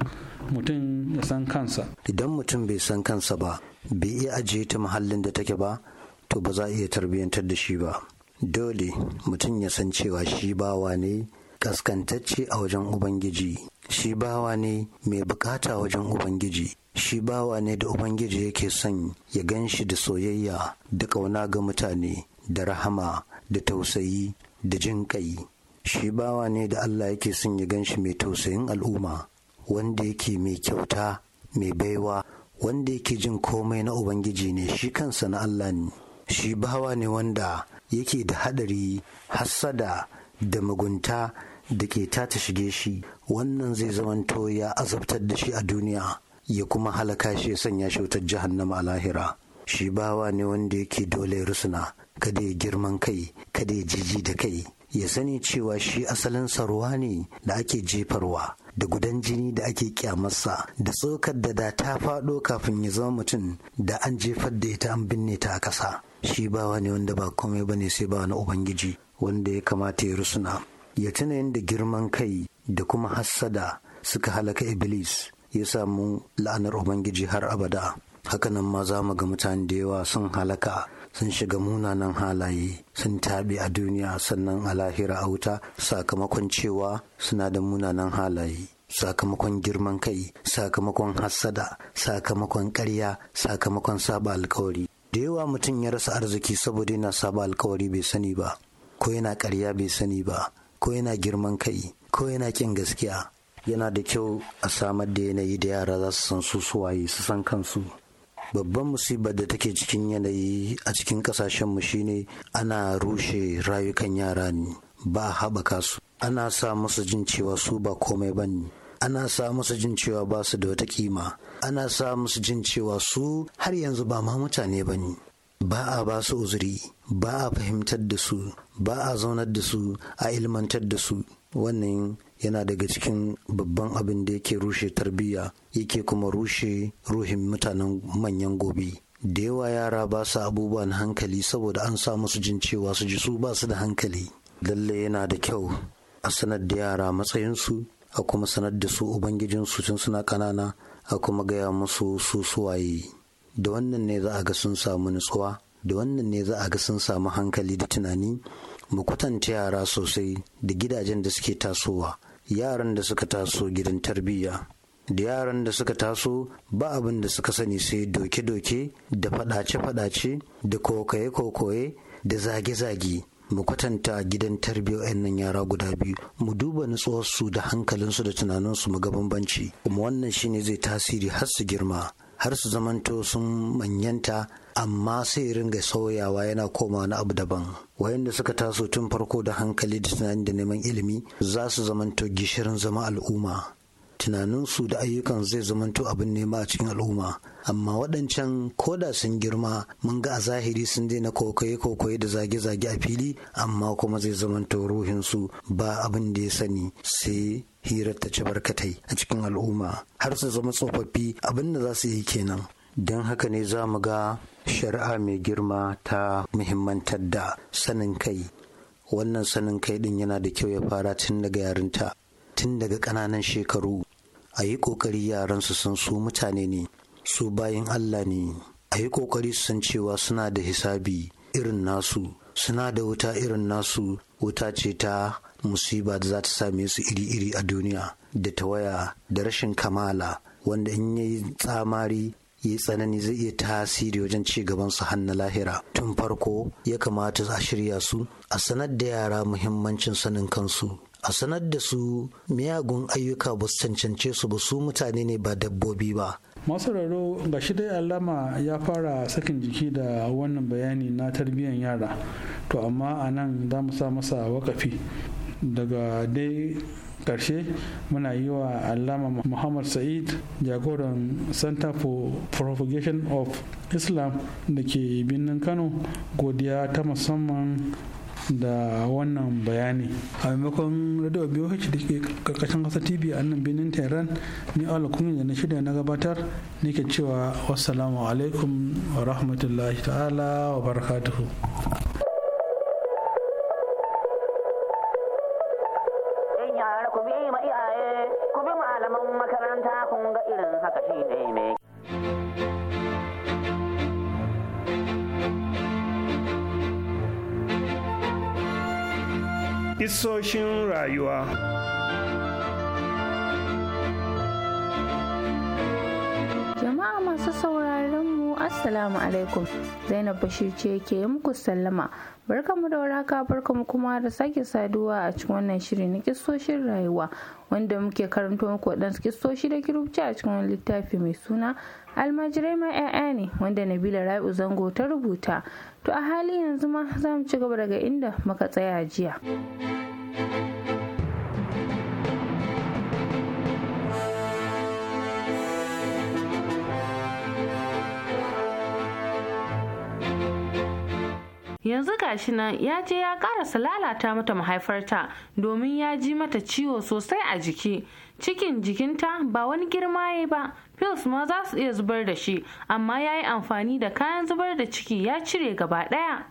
mutum ya san kansa idan mutum bai san kansa ba bai iya ajiye ta muhallin da take ba to ba za a iya tarbiyyantar da shi ba dole mutum ya san cewa shi bawa ne kaskantacce a wajen ubangiji shi bawa ne mai bukata wajen ubangiji shi bawa ne da ubangiji yake son ya gan shi da soyayya da ƙauna ga mutane da rahama da tausayi da jin ƙai shi bawa ne da allah yake son ya gan shi mai tausayin al'umma wanda yake mai kyauta mai baiwa wanda yake jin komai na ubangiji ne shi kansa na allah ne shi bawa ne wanda yake da hadari hassada da mugunta da ke ta ta shige shi wannan zai zamanto ya azabtar da shi a duniya ya kuma halaka shi ya sanya shi wutar jahannama a lahira shi bawa ne wanda yake dole rusuna kada ya girman kai kada ya jiji da kai ya sani cewa shi asalin ruwa ne da ake jefarwa da gudan jini da ake kyamarsa da tsokar da da ta faɗo kafin ya zama mutum da an jefar da ita an binne ta a ƙasa shi bawa ne wanda ba komai bane sai ba na ubangiji wanda ya kamata ya rusuna ya tuna yadda girman kai da kuma hassada suka halaka iblis ya samu la'anar ubangiji har abada hakanan ma za mu ga mutane da yawa sun halaka sun shiga munanan halaye sun taɓe a duniya sannan a lahira a wuta sakamakon cewa suna da munanan halaye sakamakon girman kai sakamakon hassada sakamakon ƙarya sakamakon saba alkawari da yawa mutum ya rasa arziki saboda yana saba alkawari bai sani ba ko yana ƙarya bai sani ba ko yana girman kai ko yana kin gaskiya yana da kyau a samar da yanayi da yara za su san su suwaye su san kansu babban musibar da take cikin yanayi a cikin kasashenmu shine ana rushe rayukan yara ne ba haɓaka su ana sa musu jin cewa su ba komai ba ne ana sa musu jin cewa ba su da wata kima ana sa musu jin cewa su har yanzu ba ma mutane ba ne ba a ba su uzuri ba a fahimtar da su ba a zaunar da su a ilmantar da su wannan yana daga cikin babban abin da yake rushe tarbiyya yake kuma rushe ruhin mutanen manyan gobe da yawa yara ba su abubuwan hankali saboda an sa musu jin cewa su ji su ba su da hankali lalle yana da kyau a sanar da yara matsayinsu a kuma sanar da su ubangijinsu tun suna ƙanana a kuma gaya musu su suwaye da wannan ne za a ga sun samu nutsuwa da wannan ne za a ga sun samu hankali da tunani mu kwatanta yara sosai da gidajen da suke tasowa yaran da suka taso gidan tarbiyya da yaran da suka taso ba abin da suka sani sai doke-doke da fadace-fadace da kokaye-kokoye da zage-zage mu kwatanta gidan tarbiyyar nan yara guda biyu mu duba nutsuwarsu da hankalinsu da tunaninsu mu ga bambanci kuma wannan shine zai tasiri har su girma har su zamanto sun manyanta amma sai ringa sauyawa yana koma na abu daban wayanda suka taso tun farko da hankali da tunanin da neman ilimi za su zamanto gishirin zama al'umma tunaninsu da ayyukan zai zamanto abin nema a cikin al'umma amma waɗancan koda sun girma mun ga a zahiri sun daina kokaye kokaye da zage-zage a fili amma kuma zai zamanto ruhinsu ba abin da ya sani sai hirar ta ci barkatai a cikin al'umma har su zama tsofaffi abin da za su yi kenan don haka ne za mu ga shari'a mai girma ta muhimmantar da sanin kai wannan sanin kai din yana da kyau ya fara tun daga yarinta tun daga ƙananan shekaru a yi ƙoƙari yaran su san su mutane ne su bayan allah ne a yi ƙoƙari su san cewa suna da hisabi irin nasu suna da wuta irin nasu wuta ce ta musiba da za ta same su iri-iri a duniya da ta waya da rashin kamala wanda in yi tsamari yi tsanani zai iya tasiri wajen ci gaban su har lahira tun farko ya kamata a shirya su a sanar da yara muhimmancin sanin kansu a sanar da su miyagun ayyuka ba su cancance su ba su mutane ne ba dabbobi ba masu raro ga shi dai alama ya fara sakin jiki da wannan bayani na tarbiyyar yara to amma a nan za mu sa masa wakafi daga dai karshe muna yi wa allama muhammad sa'id jagoran center for propagation of islam da ke birnin kano godiya ta musamman da wannan bayani a maimakon radio boh da ke karkashin kasa tv a nan birnin tehran ni ala da na shirya na gabatar nake cewa wassalamu alaikum wa rahmatullahi ta'ala wa barakatuhu isoshin rayuwa. Assalamu alaikum Zainab Bashir ce ke muku sallama Barka barkamu da waraka mu kuma da sake saduwa a cikin wannan shiri na kistoshin rayuwa wanda muke karanto muku waɗansu kistoshi da kirubci a cikin wani littafi mai suna almajirai ma 'ya'ya ne wanda Nabila Rabi'u Zango ta rubuta to a hali yanzu ma za mu ci gaba daga inda muka tsaya jiya. yanzu gashi nan ya je ya karasa lalata mata mahaifarta domin ya ji mata ciwo sosai a jiki cikin jikinta ba wani girma ya ba pills ma za su iya zubar da shi amma ya yi amfani da kayan zubar da ciki ya cire gaba ɗaya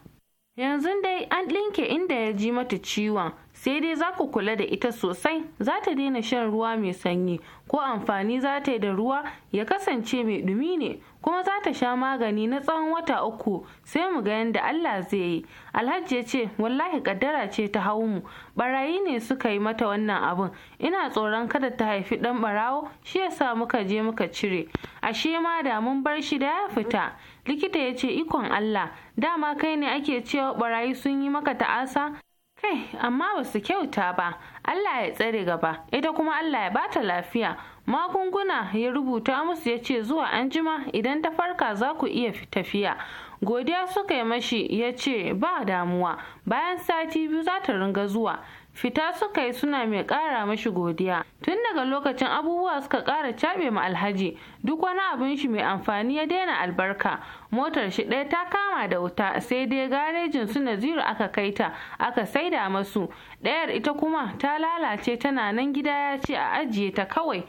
yanzu dai an ɗinke inda ya ji mata ciwon sai dai za ku kula da ita sosai za ta daina shan ruwa mai sanyi ko amfani za ta yi da ruwa ya kasance mai ɗumi ne kuma za ta sha magani na tsawon wata uku sai mu ga yadda Allah zai yi alhaji ya ce wallahi kaddara ce ta hau mu barayi ne suka yi mata wannan abun, ina tsoron kada ta haifi dan barawo shi yasa muka je muka cire ashe ma da mun bar shi da ya fita likita ya ce ikon allah dama kai ne ake cewa barayi sun yi maka ta'asa kai amma ba su kyauta ba allah ya tsare gaba ita kuma allah ya bata lafiya magunguna ya rubuta musu ya ce zuwa anjima idan ta farka za ku iya tafiya godiya suka yi mashi ya ce ba damuwa bayan sati biyu za ta ringa zuwa fita suka yi suna mai ƙara mashi godiya tun daga lokacin abubuwa suka ƙara caɓe ma alhaji duk wani abin shi mai amfani ya daina albarka motar shi ɗaya ta kama da wuta sai dai garejin su naziru aka kai ta, aka saida masu ɗayar ita kuma ta lalace tana nan gida ya ce a ajiye ta kawai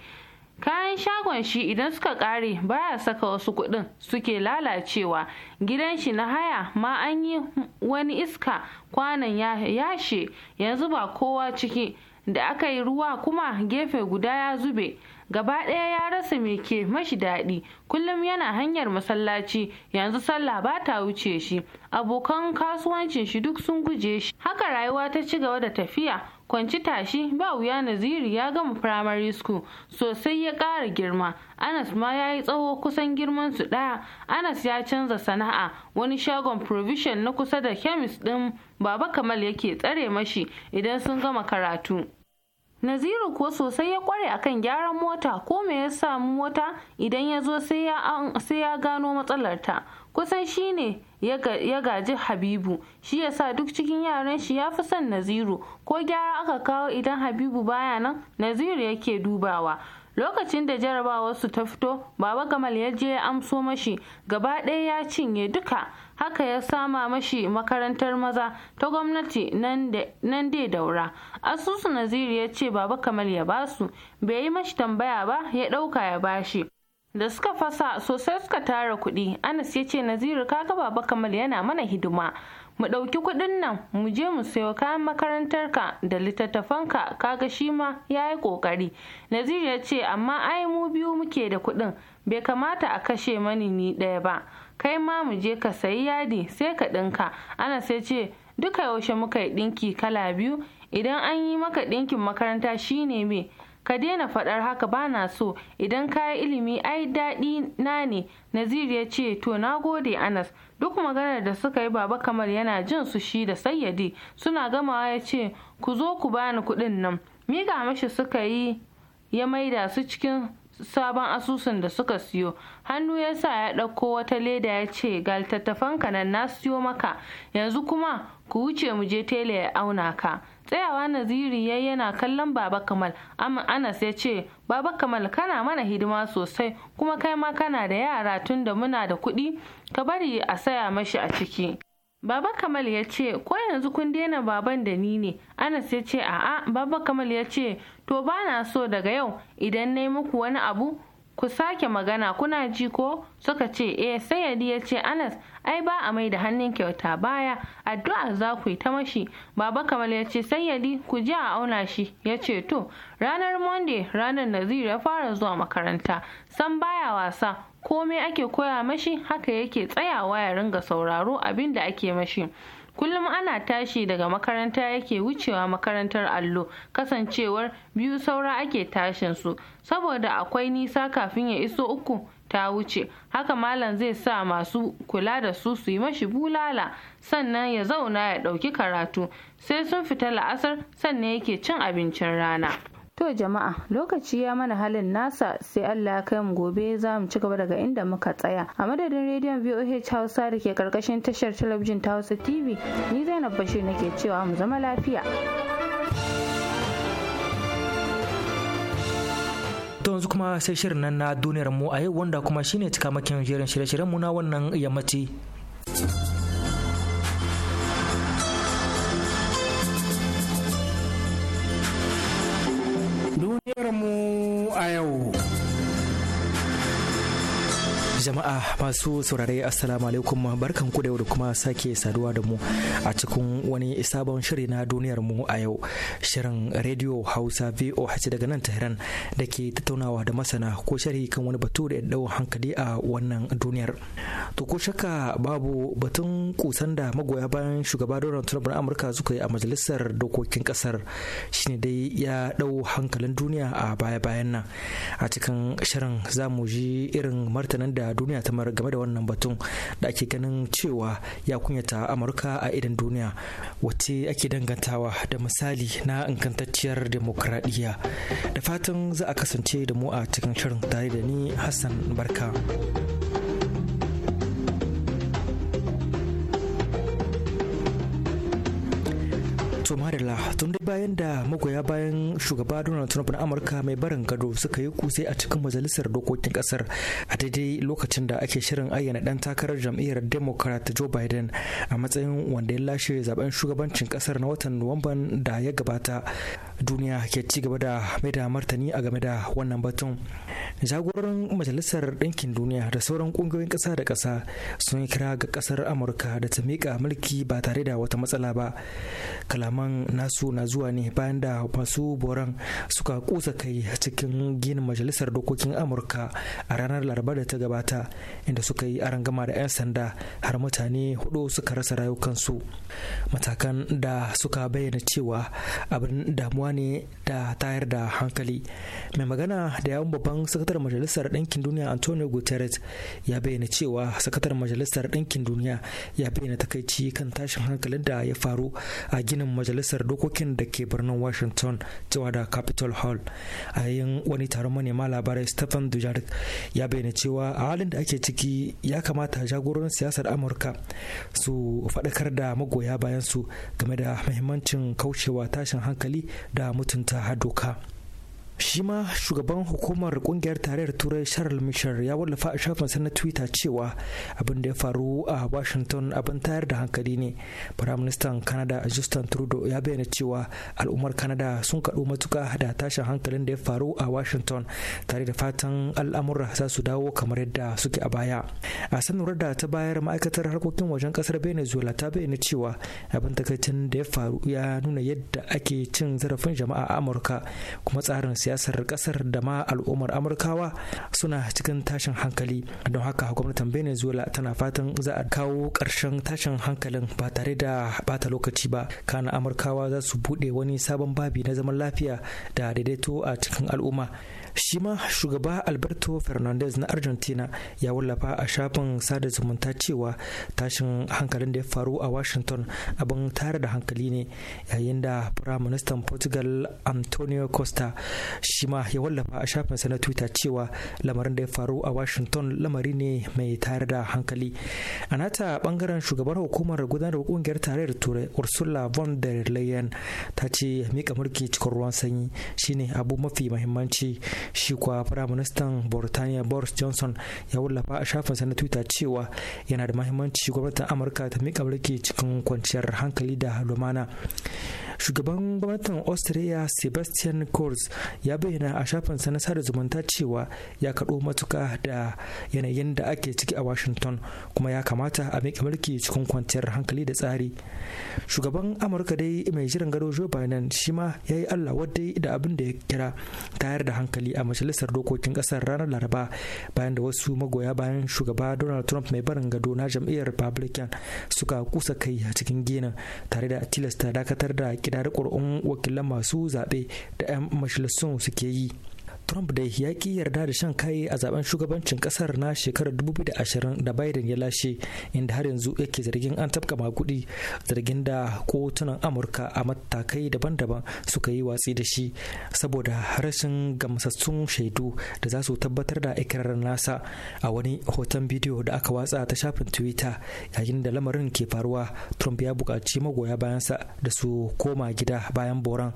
kayan shagon shi idan suka ƙare baya saka wasu kuɗin suke lalacewa gidan shi na haya ma an yi wani iska kwanan yashe yanzu ba kowa ciki da aka yi ruwa kuma gefe guda ya zube gaba ɗaya ya rasa me ke mashi daɗi kullum yana hanyar masallaci yanzu sallah ba ta wuce shi abokan kasuwancin shi duk sun guje shi haka rayuwa ta ci gaba da tafiya kwanci tashi ba wuya naziri ya gama firamare school sosai ya ƙara girma anas ma ya yi tsawo kusan girman su ɗaya anas ya canza sana'a wani shagon provision na kusa da chemist ɗin baba kamal yake tsare mashi idan sun gama karatu naziru kuwa sosai ya kware kan gyaran mota ko me ya samu mota idan ya zo sai ya gano matsalarta kusan shi ne ya gaji habibu shi ya sa duk cikin yaran shi ya fi son naziru ko gyara aka kawo idan habibu baya nan naziru yake dubawa lokacin da su ta fito baba gamal ya je ya amso mashi gaba ɗaya ya cinye duka haka ya sama mashi makarantar maza ta gwamnati nan da daura asusu naziru ya ce baba kamal ya basu bai yi mashi tambaya ba ya ɗauka ya bashi da suka fasa sosai suka tara kuɗi anas ya ce naziru kaga baba kamal yana mana hidima mu ɗauki kuɗin nan mu je mu sayo kayan makarantarka da littattafanka kaga shi ma ya yi ƙoƙari naziru ya ce amma ai mu biyu muke da kuɗin bai kamata a kashe mani ni ɗaya ba kai ma mu je ka sayi yadi sai ka ɗinka anas ya ce duka yaushe muka yi ɗinki kala biyu idan an yi maka ɗinkin makaranta shine me ka daina faɗar haka ba na so idan ka yi ilimi ai daɗi na ne nazir ya ce to na gode anas duk maganar da suka yi baba kamar yana jin su shi da sayyadi suna gamawa ya ce ku zo ku bani kuɗin nan Mika mashi suka yi ya maida su cikin sabon asusun da suka siyo hannu ya sa ya ɗauko wata leda ya ce ga littattafanka nan na siyo maka yanzu kuma ku wuce mu je tele ya auna ka tsayawa naziri ya yana kallon baba kamal amma anas ya ce baba kamal kana mana hidima sosai kuma kai ma kana da yara tunda muna da kuɗi ka bari a saya mashi a ciki Baba Kamal ya ce, "Ko yanzu kun daina baban da ni ne?" Anas ya ce, "A'a." Baba Kamal ya ce, "To ba na so daga yau idan na yi muku wani abu, ku sake magana kuna ji ko?" Suka ce, "Eh." Sayyadi ya ce, "Anas, ai ba a mai da hannun kyauta baya, addu'a za ku yi ta mashi." Baba Kamal ya ce, yadi ku je a auna shi." Ya ce, "To, ranar Monday, ranar Nazir ya fara zuwa makaranta, san baya wasa, komai ake koya mashi haka yake tsayawa ya ringa sauraro abin da ake mashi kullum ana tashi daga makaranta yake wucewa makarantar allo kasancewar biyu saura ake tashin su saboda akwai nisa kafin ya iso uku ta wuce haka malam zai sa masu kula da su su yi mashi bulala sannan ya zauna ya ɗauki karatu sai sun fita la'asar sannan yake cin abincin rana To jama'a lokaci ya mana halin nasa sai Allah ya kai mu gobe za mu ci gaba daga inda muka tsaya. A madadin rediyon VOH Hausa da ke karkashin tashar talabijin ta Hausa TV ni Zainab Bashir nake cewa mu zama lafiya. To yanzu kuma sai shirin nan na duniyar mu a yau wanda kuma shine makin jerin shirye-shiryen mu na wannan yammaci. mu a yau. Jama'a masu saurare Assalamu alaikum barkan ku da yau da kuma sake saduwa da mu a cikin wani sabon shiri na duniyar mu a yau. Shirin Radio Hausa VOH daga nan Tehran da ke tattaunawa da masana ko sharhi kan wani batu da dau hankali a wannan duniyar. To ko shakka babu batun kusan da magoya bayan shugaba Donald Trump na Amurka suka yi a majalisar dokokin kasar shine dai ya dau hankalin duniya a baya-bayan nan. A cikin shirin zamu ji irin martanin da duniya ta mara game da wannan batun da ake ganin cewa ya kunyata amurka a idan duniya wace ake dangantawa da misali na inkantacciyar demokradiyya da fatan za a kasance da mu a cikin shirin tare da ni hassan barka to tun dai bayan da magoya bayan shugaba donald trump na amurka mai barin gado suka yi kusai a cikin majalisar dokokin kasar a daidai lokacin da ake shirin ayyana dan takarar jam'iyyar democrat joe biden a matsayin wanda ya lashe zaben shugabancin kasar na watan nuwamban da ya gabata duniya ke ci gaba da mai da martani a game da wannan batun jagoran majalisar ɗinkin duniya da sauran ƙungiyoyin ƙasa da ƙasa sun yi kira ga ƙasar amurka da ta miƙa mulki ba tare da wata matsala ba kalaman nasu na zuwa ne bayan da masu boran suka kusa kai cikin ginin majalisar dokokin amurka a ranar laraba da ta gabata inda suka yi gama da 'yan sanda har mutane hudu suka rasa rayukansu matakan da suka bayyana cewa abin damuwa ne da tayar da hankali mai magana da yawon babban sakatar majalisar ɗinkin duniya antonio guterres ya bayyana cewa sakatar majalisar ɗinkin duniya ya bayyana takaici kan tashin hankalin da ya faru a ginin majalisar dokokin rokin da ke birnin washington zuwa da capitol hall a yayin wani taron manema labarai stephen dujarric ya bayyana cewa a halin da ake ciki ya kamata jagoran siyasar amurka su faɗakar da magoya bayan su game da mahimmancin kaucewa tashin hankali da mutunta doka. shi ma shugaban hukumar kungiyar tarayyar turai charles michel ya wallafa a shafinsa na twitter cewa abin da ya faru a washington abin tayar da hankali ne firaministan canada justin trudeau ya bayyana cewa al'ummar canada sun kaɗu matuka da tashin hankalin da ya faru a washington tare da fatan al'amura za su dawo kamar yadda suke a baya a sanarwar da ta bayar ma'aikatar harkokin wajen kasar venezuela ta bayyana cewa abin takaicin da ya faru ya nuna yadda ake cin zarafin jama'a a amurka kuma tsarin siyasa siyasar kasar da ma al'ummar amurkawa suna cikin tashin hankali don haka gwamnatin venezuela tana fatan za a kawo ƙarshen tashin hankalin ba tare da bata lokaci ba kana amurkawa za su buɗe wani sabon babi na zaman lafiya da daidaito a cikin al'umma shi ma shugaba alberto fernandez na argentina ya wallafa a shafin sada zumunta cewa tashin hankalin da ya faru a washington abin tare da hankali ne yayin da firaministan portugal antonio costa shi ma ya wallafa a shafin na twitter cewa lamarin da ya faru a washington lamari ne mai tare da hankali a nata bangaren shugabar hukumar gudanar kungiyar tarayyar turai ursula von der leyen ta ce mika mulki cikin ruwan sanyi shine abu mafi mahimmanci shi kuwa firaministan burtaniya boris johnson ya wallafa a shafinsa na twitter cewa yana da mahimmanci gwamnatin amurka ta miƙa birki cikin kwanciyar hankali da lumana shugaban gwamnatin austria sebastian kurz ya bayyana a shafin na sada zumunta cewa ya kaɗo matuka da yanayin da ake ciki a washington kuma ya kamata a miƙe mulki cikin kwanciyar hankali da tsari shugaban amurka dai mai jiran gado joe biden shi ma ya yi allah wadai da abin da ya kira tayar da hankali a majalisar dokokin ƙasar ranar laraba bayan da wasu magoya bayan shugaba donald trump mai barin gado na jam'iyyar republican suka kusa kai a cikin ginin tare da tilasta dakatar da kidar ƙuri'un wakilan masu zaɓe da 'yan majalisun suke yi Trump da ya ki yarda da shan kayi a zaben shugabancin kasar na shekarar 2020 da Biden ya lashe inda har yanzu yake zargin an tabka makudi zargin da kotunan Amurka a matakai daban-daban suka yi watsi da shi saboda rashin gamsassun shaidu da za su tabbatar da ikirarin nasa a wani hoton bidiyo da aka watsa ta shafin Twitter yayin da lamarin ke faruwa Trump ya buƙaci magoya bayansa da su koma gida bayan boran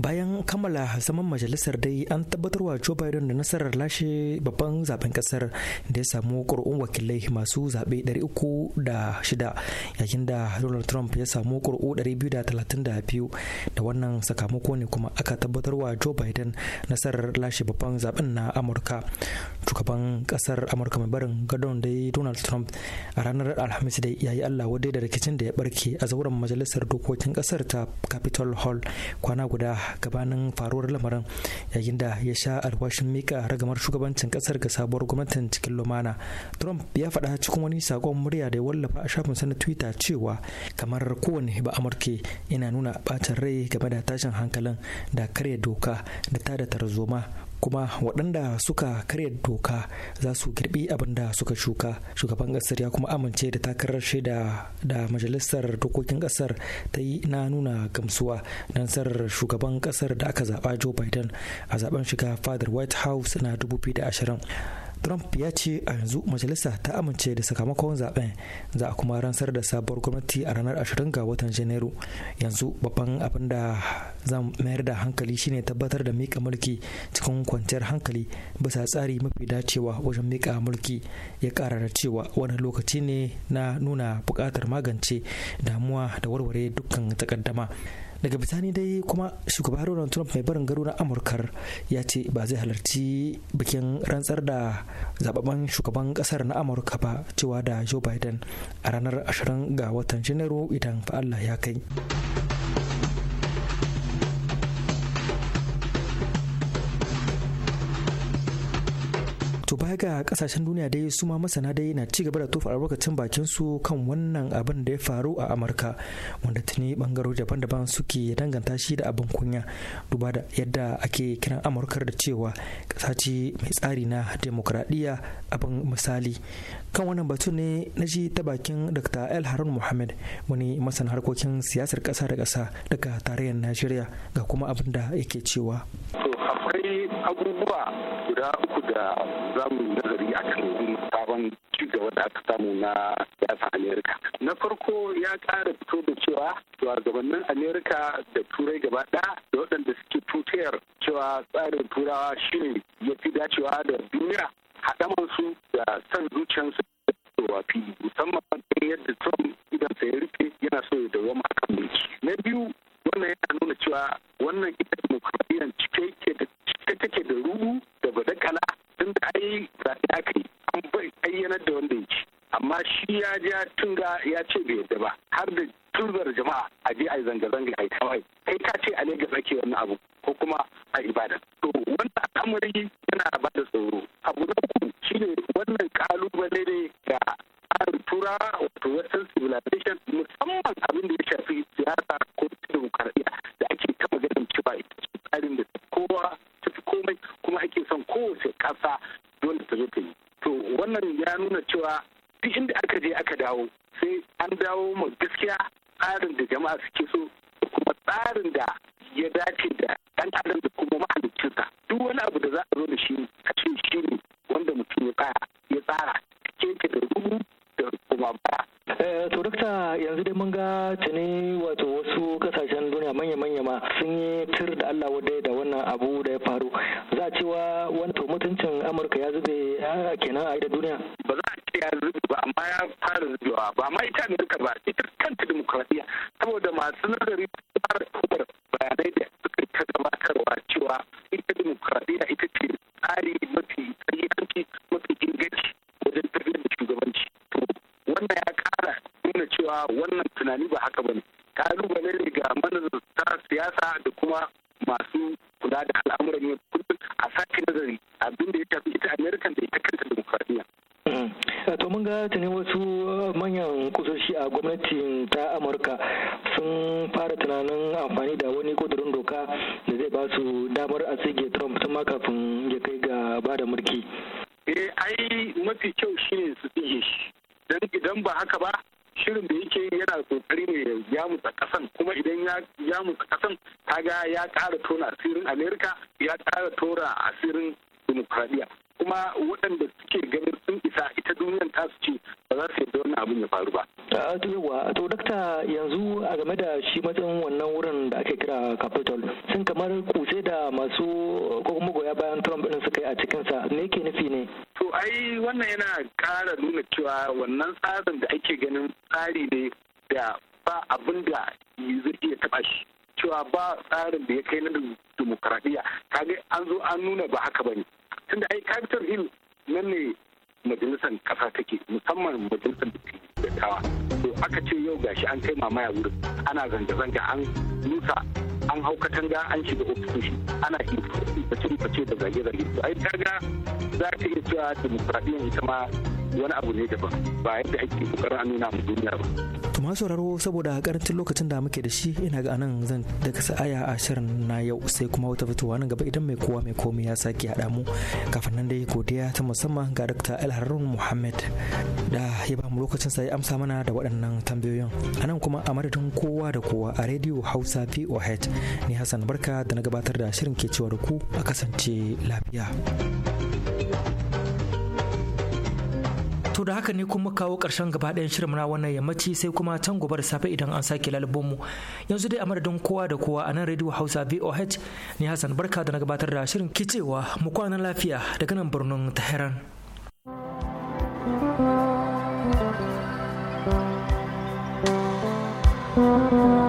bayan kammala zaman majalisar dai an tabbatarwa joe biden da nasarar lashe babban zaben kasar da ya samu ƙuri'un wakilai masu zaɓe 306 yayin da donald trump ya samu ƙuri'u 232 da wannan sakamako ne kuma aka tabbatarwa joe biden nasarar lashe babban zaben na amurka shugaban kasar amurka mai barin gadon dai donald trump a ranar alhamis dai ya yi allah wadai da rikicin da ya barke a zauren majalisar dokokin kasar ta capitol hall kwana guda gabanin faruwar lamarin yayin da ya sha alwashin mika ragamar shugabancin kasar ga sabuwar gwamnatin cikin lumana trump ya faɗa cikin wani sakon murya da ya wallafa a shafin sa na twitter cewa kamar kowane ba amurke ina nuna bacin rai game da tashin hankalin da karya doka da tada tarzoma kuma waɗanda suka karya doka za su girbi abin da suka shuka shugaban ƙasar ya kuma amince da takarar shaida da majalisar dokokin ƙasar ta yi na nuna gamsuwa don sarar shugaban ƙasar da aka zaɓa joe biden a zaben shiga fadar white house na 2020 Trump ya ce a yanzu majalisa ta amince da sakamakon zaben za a kuma ransar da sabuwar gwamnati a ranar 20 ga watan Janairu. Yanzu babban abin da zan mayar da hankali shine tabbatar da mika mulki cikin kwanciyar hankali bisa tsari mafi dacewa wajen mika mulki ya kara da cewa wani lokaci ne na nuna bukatar magance damuwa da warware dukkan takaddama. daga bisani dai kuma shugaba donald trump mai barin gado na amurkar ya ce ba zai halarci bikin rantsar da zababben shugaban kasar na amurka ba cewa da joe biden a ranar 20 ga watan janairu idan fa allah ya kai baya ga kasashen duniya dai su ma masana dai na ci gaba da tofa albarkacin bakin su kan wannan abin da ya faru a amurka wanda tuni bangarori daban-daban suke danganta shi da abin kunya duba da yadda ake kiran amurkar da cewa kasa ce mai tsari na demokradiyya abin misali kan wannan batu ne na ji ta bakin dr el harun muhammad wani masana harkokin siyasar kasa da kasa daga tarayyar najeriya ga kuma abin da yake cewa akwai abubuwa guda uku da za mu nazari a kan sabon ci gaba da aka samu na siyasa amerika na farko ya kara fito da cewa shugabannin amerika da turai gaba ɗaya da waɗanda suke tutayar cewa tsarin turawa shine ya fi dacewa da duniya haɗamansu da san zuciyarsu wafi musamman yadda trump idan ya rufe yana so ya dawo akan mulki na biyu wannan yana nuna cewa wannan ita demokradiyyar cike yake da take da rubu da badakala tun da ayi zaɓe aka yi an bai ayyanar da wanda ya ci amma shi ya ja tun da ya ce bai yadda ba har da turbar jama'a a je a yi zanga-zanga a yi kawai kai ka ce a Legas ake wani abu ko kuma a ibada to wannan al'amari yana ba da tsoro abu na uku ne wannan kalubale ne ga tsarin turawa wato western civilization musamman abin da ya shafi siyasa ko demokradiyya da ake kama ganin cewa ita ce tsarin da kowa kuma ake son kowace ƙasa dole ta zo ta yi to wannan ya nuna cewa duk inda aka je aka dawo sai an dawo ma gaskiya tsarin da jama'a suke so da kuma tsarin da ya dace da ɗan adam da kuma mahalicinsa duk wani abu da za a zo da shi a cikin shi ne wanda mutum ya tsaya ya tsara keke da rubu da kuma ba. Eh, yasa yanzu dai mun ga tuni wato wasu kasashen duniya manya-manya ma sun yi tur da Allah wadai da wannan abu da ya faru za a cewa wani to mutuncin Amurka ya zube kenan a da duniya ba za a ce ya zube ba amma ya fara zubewa ba amma ita duka ba ita kanta demokradiyya saboda masu nazari ana zanga-zanga an nusa an hau katanga an shiga ofisoshi ana iko da zage-zage su ai kaga za ta iya cewa dimokuraɗiyyar ita ma wani abu ne daban ba yadda ake kokarin a nuna mu duniya ba to ma sauraro saboda karancin lokacin da muke da shi ina ga anan zan daga sa'aya a shirin na yau sai kuma wata fitowa nan gaba idan mai kowa mai komai ya sake haɗa mu kafin nan dai godiya ta musamman ga Dr. Alharun Muhammad da ya ba mu lokacin sai amsa mana da waɗannan tambayoyin anan kuma a madadin kowa da kowa a rediyo Hausa VOH ni Hassan Barka da na gabatar da shirin ke cewa da ku a kasance lafiya. To da haka ne kuma kawo ƙarshen gaba ɗayan shirin na wannan yammaci sai kuma can gobe da safe idan an sake lalubon mu. Yanzu dai a madadin kowa da kowa a nan Radio Hausa VOH ne Hassan Barka da na gabatar da shirin kicewa mu kwana lafiya daga nan birnin Tehran. thank you